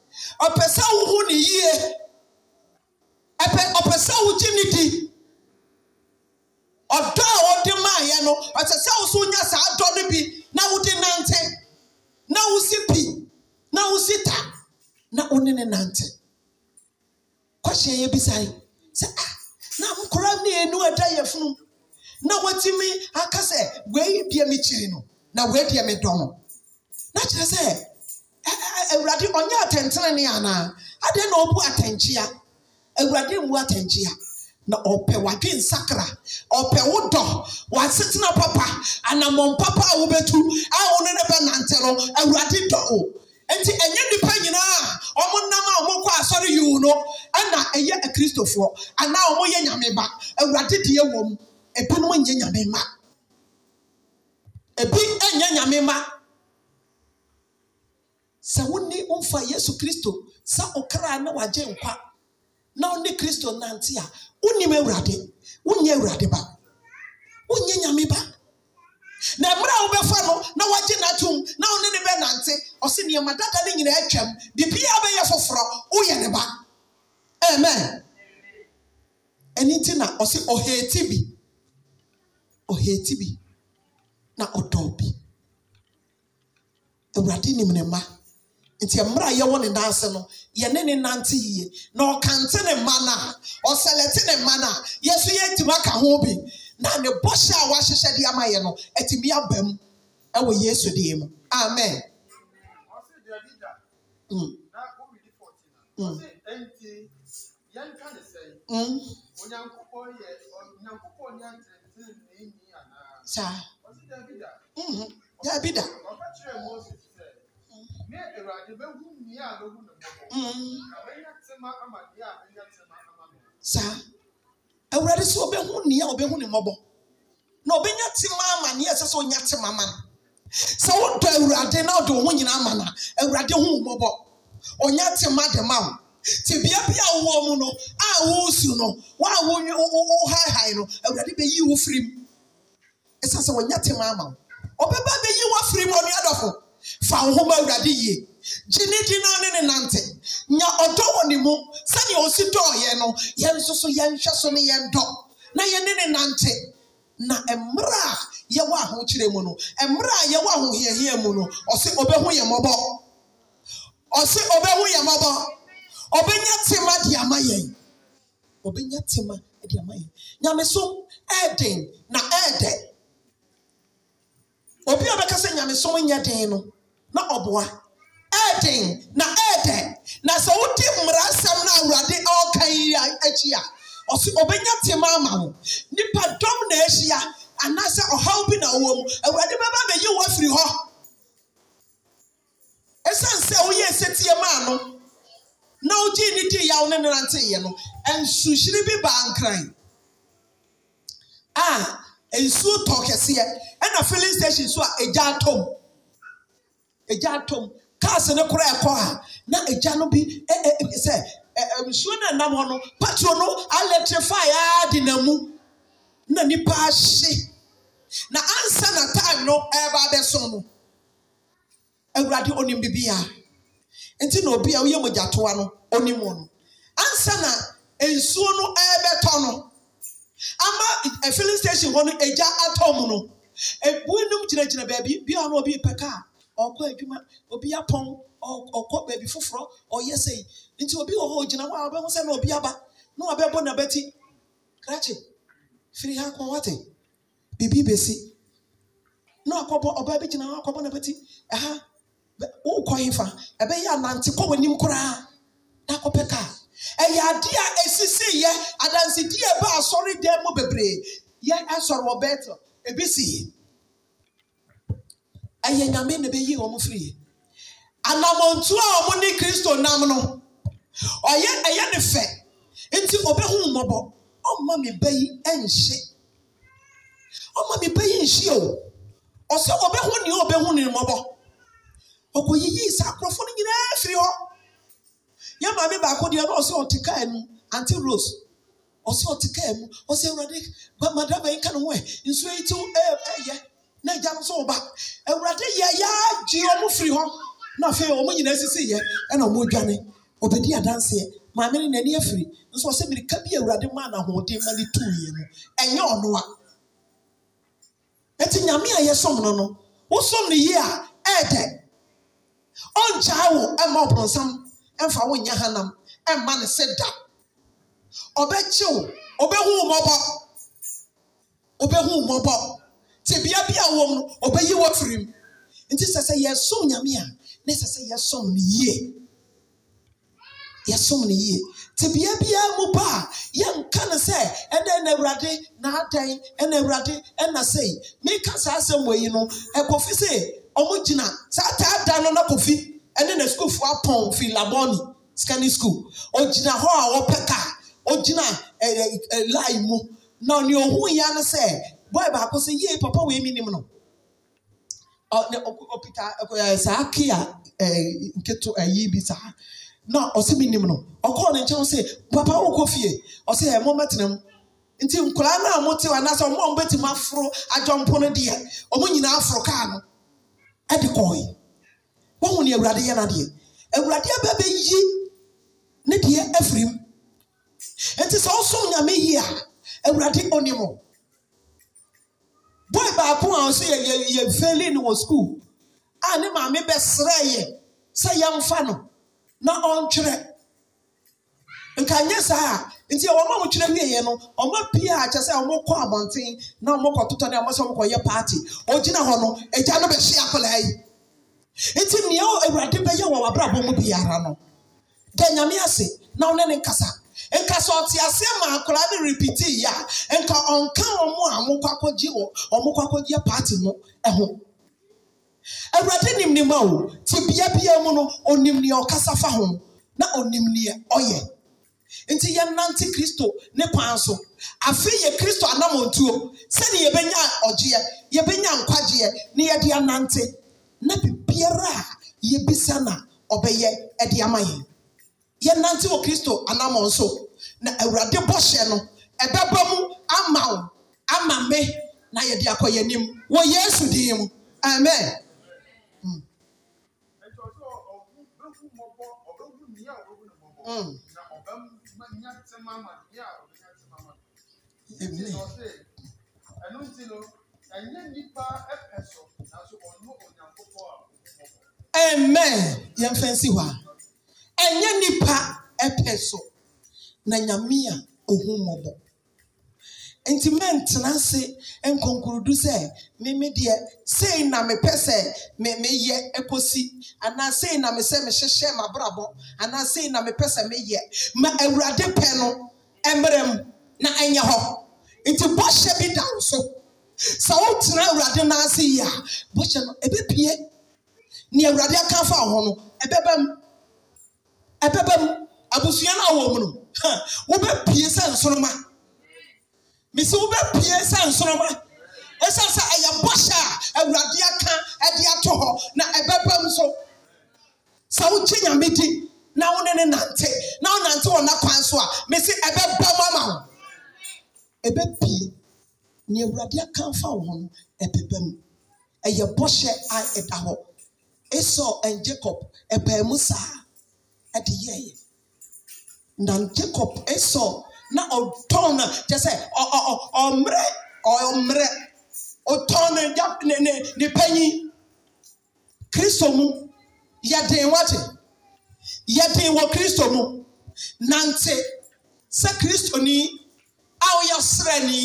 ọpese di no saa dọ no na wode nante na wosi pi na wosi ta na wo ne ne ya kɔhyɛ yɛ bisae sɛ na na mmienu ɛda yɛ funu na wɔtumi aka sɛ wei deɛ me kyiri no na wei deɛ me dɔ no na kyerɛ sɛ awurade ɔnye atɛntene ne anaa adeɛ na ɔbu atɛnkyea awurade mbu atɛnkyea na ɔpɛ wadwe nsakra ɔpɛ wo dɔ wasetena papa anammɔn papa a wobɛtu a wo ne ne bɛnante no awurade dɔ o nti ɛnyɛ nipa nyinaa a wɔn nam a wɔn kɔ asɔre yiwu no ɛna ɛyɛ akristofoɔ e anaa wɔn yɛ nyameba awurade deɛ wɔm ebinom nyɛ nyamema ebi nyɛ nyameba sɛ wɔne wɔmfa yesu kristo sɛ ɔkra na wagye nkwa na wɔne kristo nante a wɔnim awurade wɔnyɛ awurade ba wɔnyɛ nyameba. na mmerɛ a wobɛfa no na wagye na wo ne ne bɛnante ɔse nneɛma no nyinaa atwam bɛyɛ foforɔ woyɛ ne ba amen nti na ɔse ɔheeti bi ɔheeti bi na ɔdɔɔ bi awurade nim ne mma nti mmerɛ a yɛwɔ ne no yɛne ne nante yie na ɔkante ne mma no a ɔsɛlɛte ne mma no a yɛ so aka ho bi na ne bɔhyɛ a wahyehyɛ de ama yɛ no ɛtumi aba mu ɛwɔ yesu deɛ mu amen. Mm. mm. mm. saa. Mm-hmm awurade sɛ ɔbɛhu nea ɔbɛhu ne mmɔbɔ na ɔbɛnya te ma ama neɛ ɛsɛ sɛ ɔnya te ma ma no sɛ wodɔ awurade na ɔde wo ho nyinaa ma no a awurade hu mmɔbɔ ɔnya te ma de ma wo te bia bi a wowɔ mu no a wosu no wa a wohaehae no awurade bɛyi wo firi mu ɛsiane sɛ wɔnya te ma ama wo ɔbɛba bɛyi wo afiri mu ɔnuadɔfo fa wo ho ma awurade yie gyinigyina ne ne nante nya ɔdɔ wɔ ne mu sani ɔsi dɔɔ yɛn no yɛn nso so yɛnhwɛ so ne yɛn dɔ na yɛne ne nante na mmerɛ a yɛwɔ ahokyerɛ mu no mmerɛ a yɛwɔ ahohiahia mu no ɔsi ɔbɛho yɛn mɔbɔ ɔsi ɔbɛho yɛn mɔbɔ ɔbɛnya tema de ama yɛn ɔbɛnya tema de ama yɛn nyamesom ɛɛden na ɛɛdɛ obi a ɔbɛka sɛ nyamesom nyɛ den no na ɔboa ɛden na ɛdɛ na sɛ wodi mmara nsɛm no awurade ɔka yi akyi a ɔso ɔbɛnya tema ama wo nipa dɔm na ahyia anaasɛ ɔhaw bi na ɔwɔ mu awurade bɛba bɛyi wo afiri hɔ ɛsiane sɛ woyɛ ɛsɛtie maa no na wogyee ne dii yaw ne nenanteeɛ no nsuhyiri bi baa nkran a nsuo tɔ kɛseɛ ɛna filling station so a ɛgya atɔm ɛgya atɔm kaasị no koraa ɛkɔ ha na agya no bi sị nsuo na nam hɔ no patro no electrify a de na mu na nipa ahye na ansa na time no ɛreba abɛso no awurade onim bibia nti na obi a woyɛ mogyatoa no onim wɔ no ansa na nsuo no ɛrebɛtɔ no ama filling station hɔ no agya atɔ mu no ebu enum gyinagyina baabi bia na obi pɛ kaa Ọkọ edwuma, obi apɔn ɔkɔ baabi foforɔ ɔyɛ sɛyi nti obi wɔ hɔ ogyina hɔ a ɔbɛho sɛ na obi aba na ɔbɛbɔ n'abati krakye firi ha kɔ wate biribi besi na akɔbɔ ɔbaa bi gyina hɔ akɔbɔ n'abati ɛha wokɔ hefa ɛbɛyɛ anante kɔ w'anim koraa na akɔpɛ kaa ɛyɛ adi a esisi yɛ adansidie ba asɔre dan mu bebree yɛ asɔre wɔ bɛtɔ ebi si yɛ. ɛyɛ nyame na bɛyi wɔn firi anamantu a wɔn ne kristo nam no ɔyɛ ɛyɛ ne fɛ nti ɔbɛhu mmɔbɔ ɔmma mi bɛ yi ɛnhyɛ ɔmma mi bɛ yi nhyɛ o ɔsɛ ɔbɛhu nea ɔbɛhu ni mmɔbɔ ɔkɔyiyi saa akorɔfo no nyinaa firi hɔ yɛ maame baako deɛ ɔno ɔsɛ ɔte kaa mu ante rose ɔsɛ ɔte kaa mu ɔsɛ awurade madraba yi ka ne ho ɛ nsuo yi ti ɛɛyɛ. na agya no nso woba awurade yɛ yaa gye ɔmo firi hɔ na afei ɔmo nyinaa esisi yɛ ɛna ɔmo dwane ɔbɛdi adanseɛ maame no n'ani afiri nso ɔsɛ mirika bi awurade maa na ahoɔden ma ne tuu yɛ no ɛnyɛ ɔno a eti nyame a yɛsɔm no no wosɔm ne yie a ɛɛdɛ ɔnkyaa wo ɛma ɔbrɔnsam ɛmfa wo nyɛ hanam ɛmma ne se da ɔbɛkyew ɔbɛhu mɔbɔ ɔbɛhu mɔbɔ. tebea bi a wɔm no ɔbɛyi wɔ firi nti sɛ sɛ yɛsom nyame a ne sɛ sɛ yɛsom no yie yɛsom no yie tebea biara mu ba a yɛnka no sɛ ɛdɛn na awurade na adɛn ɛna awurade ɛna sei meka saa asɛm wɔ yi no ɛkɔfi sɛ ɔmo gyina saa taa da no na kɔfi ɛne na sukuufoɔ apɔn fi labɔni sikani school ɔgyina hɔ a ɔpɛ kaa ɔgyina ɛɛ ɛɛ line mu na ɔne ohun ya no sɛ boy baako sɛ yie papa wei mi nim no ɔne ɔpita ɛɛ saa kia ɛɛ nketo ɛyi bi saa na ɔsi mi nim no ɔkɔɔ ne nkyɛn sɛ papa wokɔ fie ɔsi ɛɛ mo mɛtena mu nti nkwadaa naa mo te anaasɛ ɔmo a mo bɛti mo aforo adwampo no deɛ ɔmo nyinaa aforo kaa no ɛde kɔɔe wɔn ne awurade yɛ n'adeɛ awurade abɛ bɛ yi ne deɛ afirim nti sɛ ɔsom nyame yie a awurade onim boy baako a ɔso yɛ yɛ yɛ fɛli ni wɔ sukuu a ne maame bɛsrɛ yɛ sɛ yɛmfa no na ɔntwerɛ nka nyesa saa nti wɔn a wɔtwerɛ no wɔn a sɛ wɔn kɔ abɔnten na wɔn kɔ totɔ ne wɔn sɛ wɔn kɔ yɛ paati hɔ no no yi nti nea bɛyɛ wɔ mu biara no dɛ nyame ase na wɔn ne ne nkasa. nka sɛ ɔte aseɛ ma akwadaa no repeat ya nka ɔnka wɔn a wɔn kɔ akɔgye wɔn kɔ akɔgye paati no ho awurade nim ne ma o te bea bea mu no onim nea ɔkasa fa ho na onim nea ɔyɛ nti yɛn nante kristo ne kwan so afe yɛ kristo anamontuo sɛde yɛbɛnya ɔgyeɛ yɛbɛnya nkwagyeɛ ne yɛde anante na biribiara a yɛbisa na ɔbɛyɛ de ama yɛn yɛn nante wɔ kristo anamɔn so. na awurade bɔhyɛ no ɛbɛbɔ mu ama wo ama me na yɛde akɔ yɛn anim wɔ yesu din mu amen. Mm. Mm. Amen nti no ɛnyɛ nipa ɛpɛ so nanso ɔno onyankopɔn a amen yɛmfa nsi hɔ a ɛnyɛ nipa ɛpɛ so na nyame a ohu mmɔbɔ nti mɛntena ase nkonkurudu sɛ mimi deɛ sei na mepɛ sɛ me meyɛ ekosi anaa sei na mesɛ mehyehyɛ m'abrabɔ anaa sei na mepɛ sɛ meyɛ ma awurade pɛ no mmerɛ mu na ɛnyɛ hɔ nti bɔhyɛ bi da so sɛ wotena awurade n'ase yi a bɔhyɛ no ɛbɛpie nea awurade aka fa ho no ɛbɛbɛm ɛbɛbɛm abusua no a wɔ mu no wobɛ pie sɛ nsoroma misi wobɛ pie sɛ nsoroma ɛsɛ sɛ ɛyɛ bɔhyɛ a awurade aka ɛde ato hɔ na ɛbɛba so sɛ wokye nyame di na wo ne nante na wonante wɔ nakwan so a mesi ɛbɛba mu ama wo ɛbɛpie nea awurade aka fa wo ho no ɛbɛba mu ɛyɛ bɔhyɛ a ɛda hɔ esau and jacob ɛbɛn mu saa ɛde yɛɛyɛ na jacob esau na ɔtɔn na kyɛ sɛ ɔmmerɛ ɔmmerɛ ɔtɔn ne ya ne ne ne panyin kristo mu yɛden wate yɛden wɔ kristo mu nante sɛ kristoni a ɔyɛ srɛni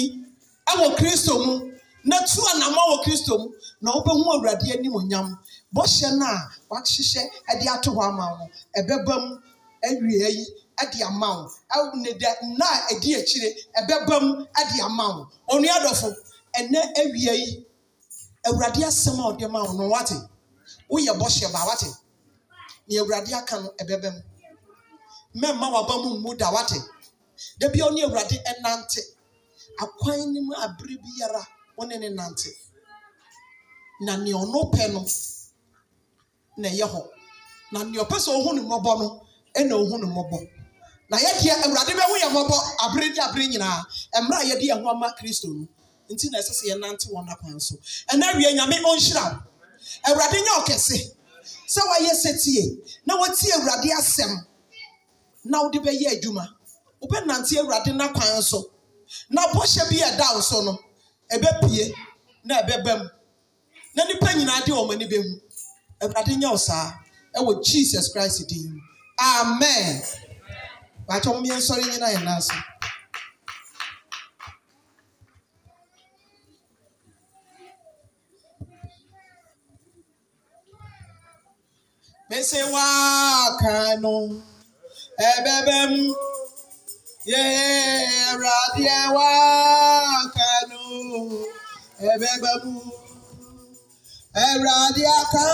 ɛwɔ kristo mu na tu anamɔ wɔ kristo mu na wobɛhu awurade anim onyam bɔhyɛ no a wahyehyɛ ɛde ato hɔ ama no ɛbɛba awie ayi de ama wo ne da nna a ɛdi akyire ɛbɛba mu de ama wo ɔnua dɔfo ɛnɛ awia yi awurade asɛm a ɔde ma wo no wate woyɛ bɔhyɛ baa wate nea awurade aka no ɛbɛba mu mmarima waba mu mmu da wate dabi a ɔne awurade ɛnante akwan no mu abere biara wɔne ne nante na nea ɔno pɛ no na ɛyɛ hɔ na nea ɔpɛ sɛ ɔhu ne mmɔbɔ no ɛna ɔhu ne mmɔbɔ na yɛdeɛ awurade bɛhu yɛn mmɔbɔ abere de abere nyinaa mmerɛ a yɛde ama kristo no nti na ɛsɛ sɛ yɛnante wɔn akwan so ɛna awie nyame ɔnhyira wo awurade nyɛ ɔkɛse sɛ wayɛ sɛ tie na watie awurade asɛm na wode bɛyɛ adwuma wobɛnante awurade n'akwan so na bɔhyɛ bi ɛda wo so no ɛbɛpie na ɛbɛba mu na nipa nyinaa de wɔn ani bɛhu awurade nyɛ wo ɛwɔ jesus christ din amen baakyɛ wɔn yɛn sɔre nyina yɛn nan so. Mese waka no ɛbɛbɛ mu yɛ ɛwuradeɛ waka no ɛbɛbɛ mu ɛwuradeɛ aka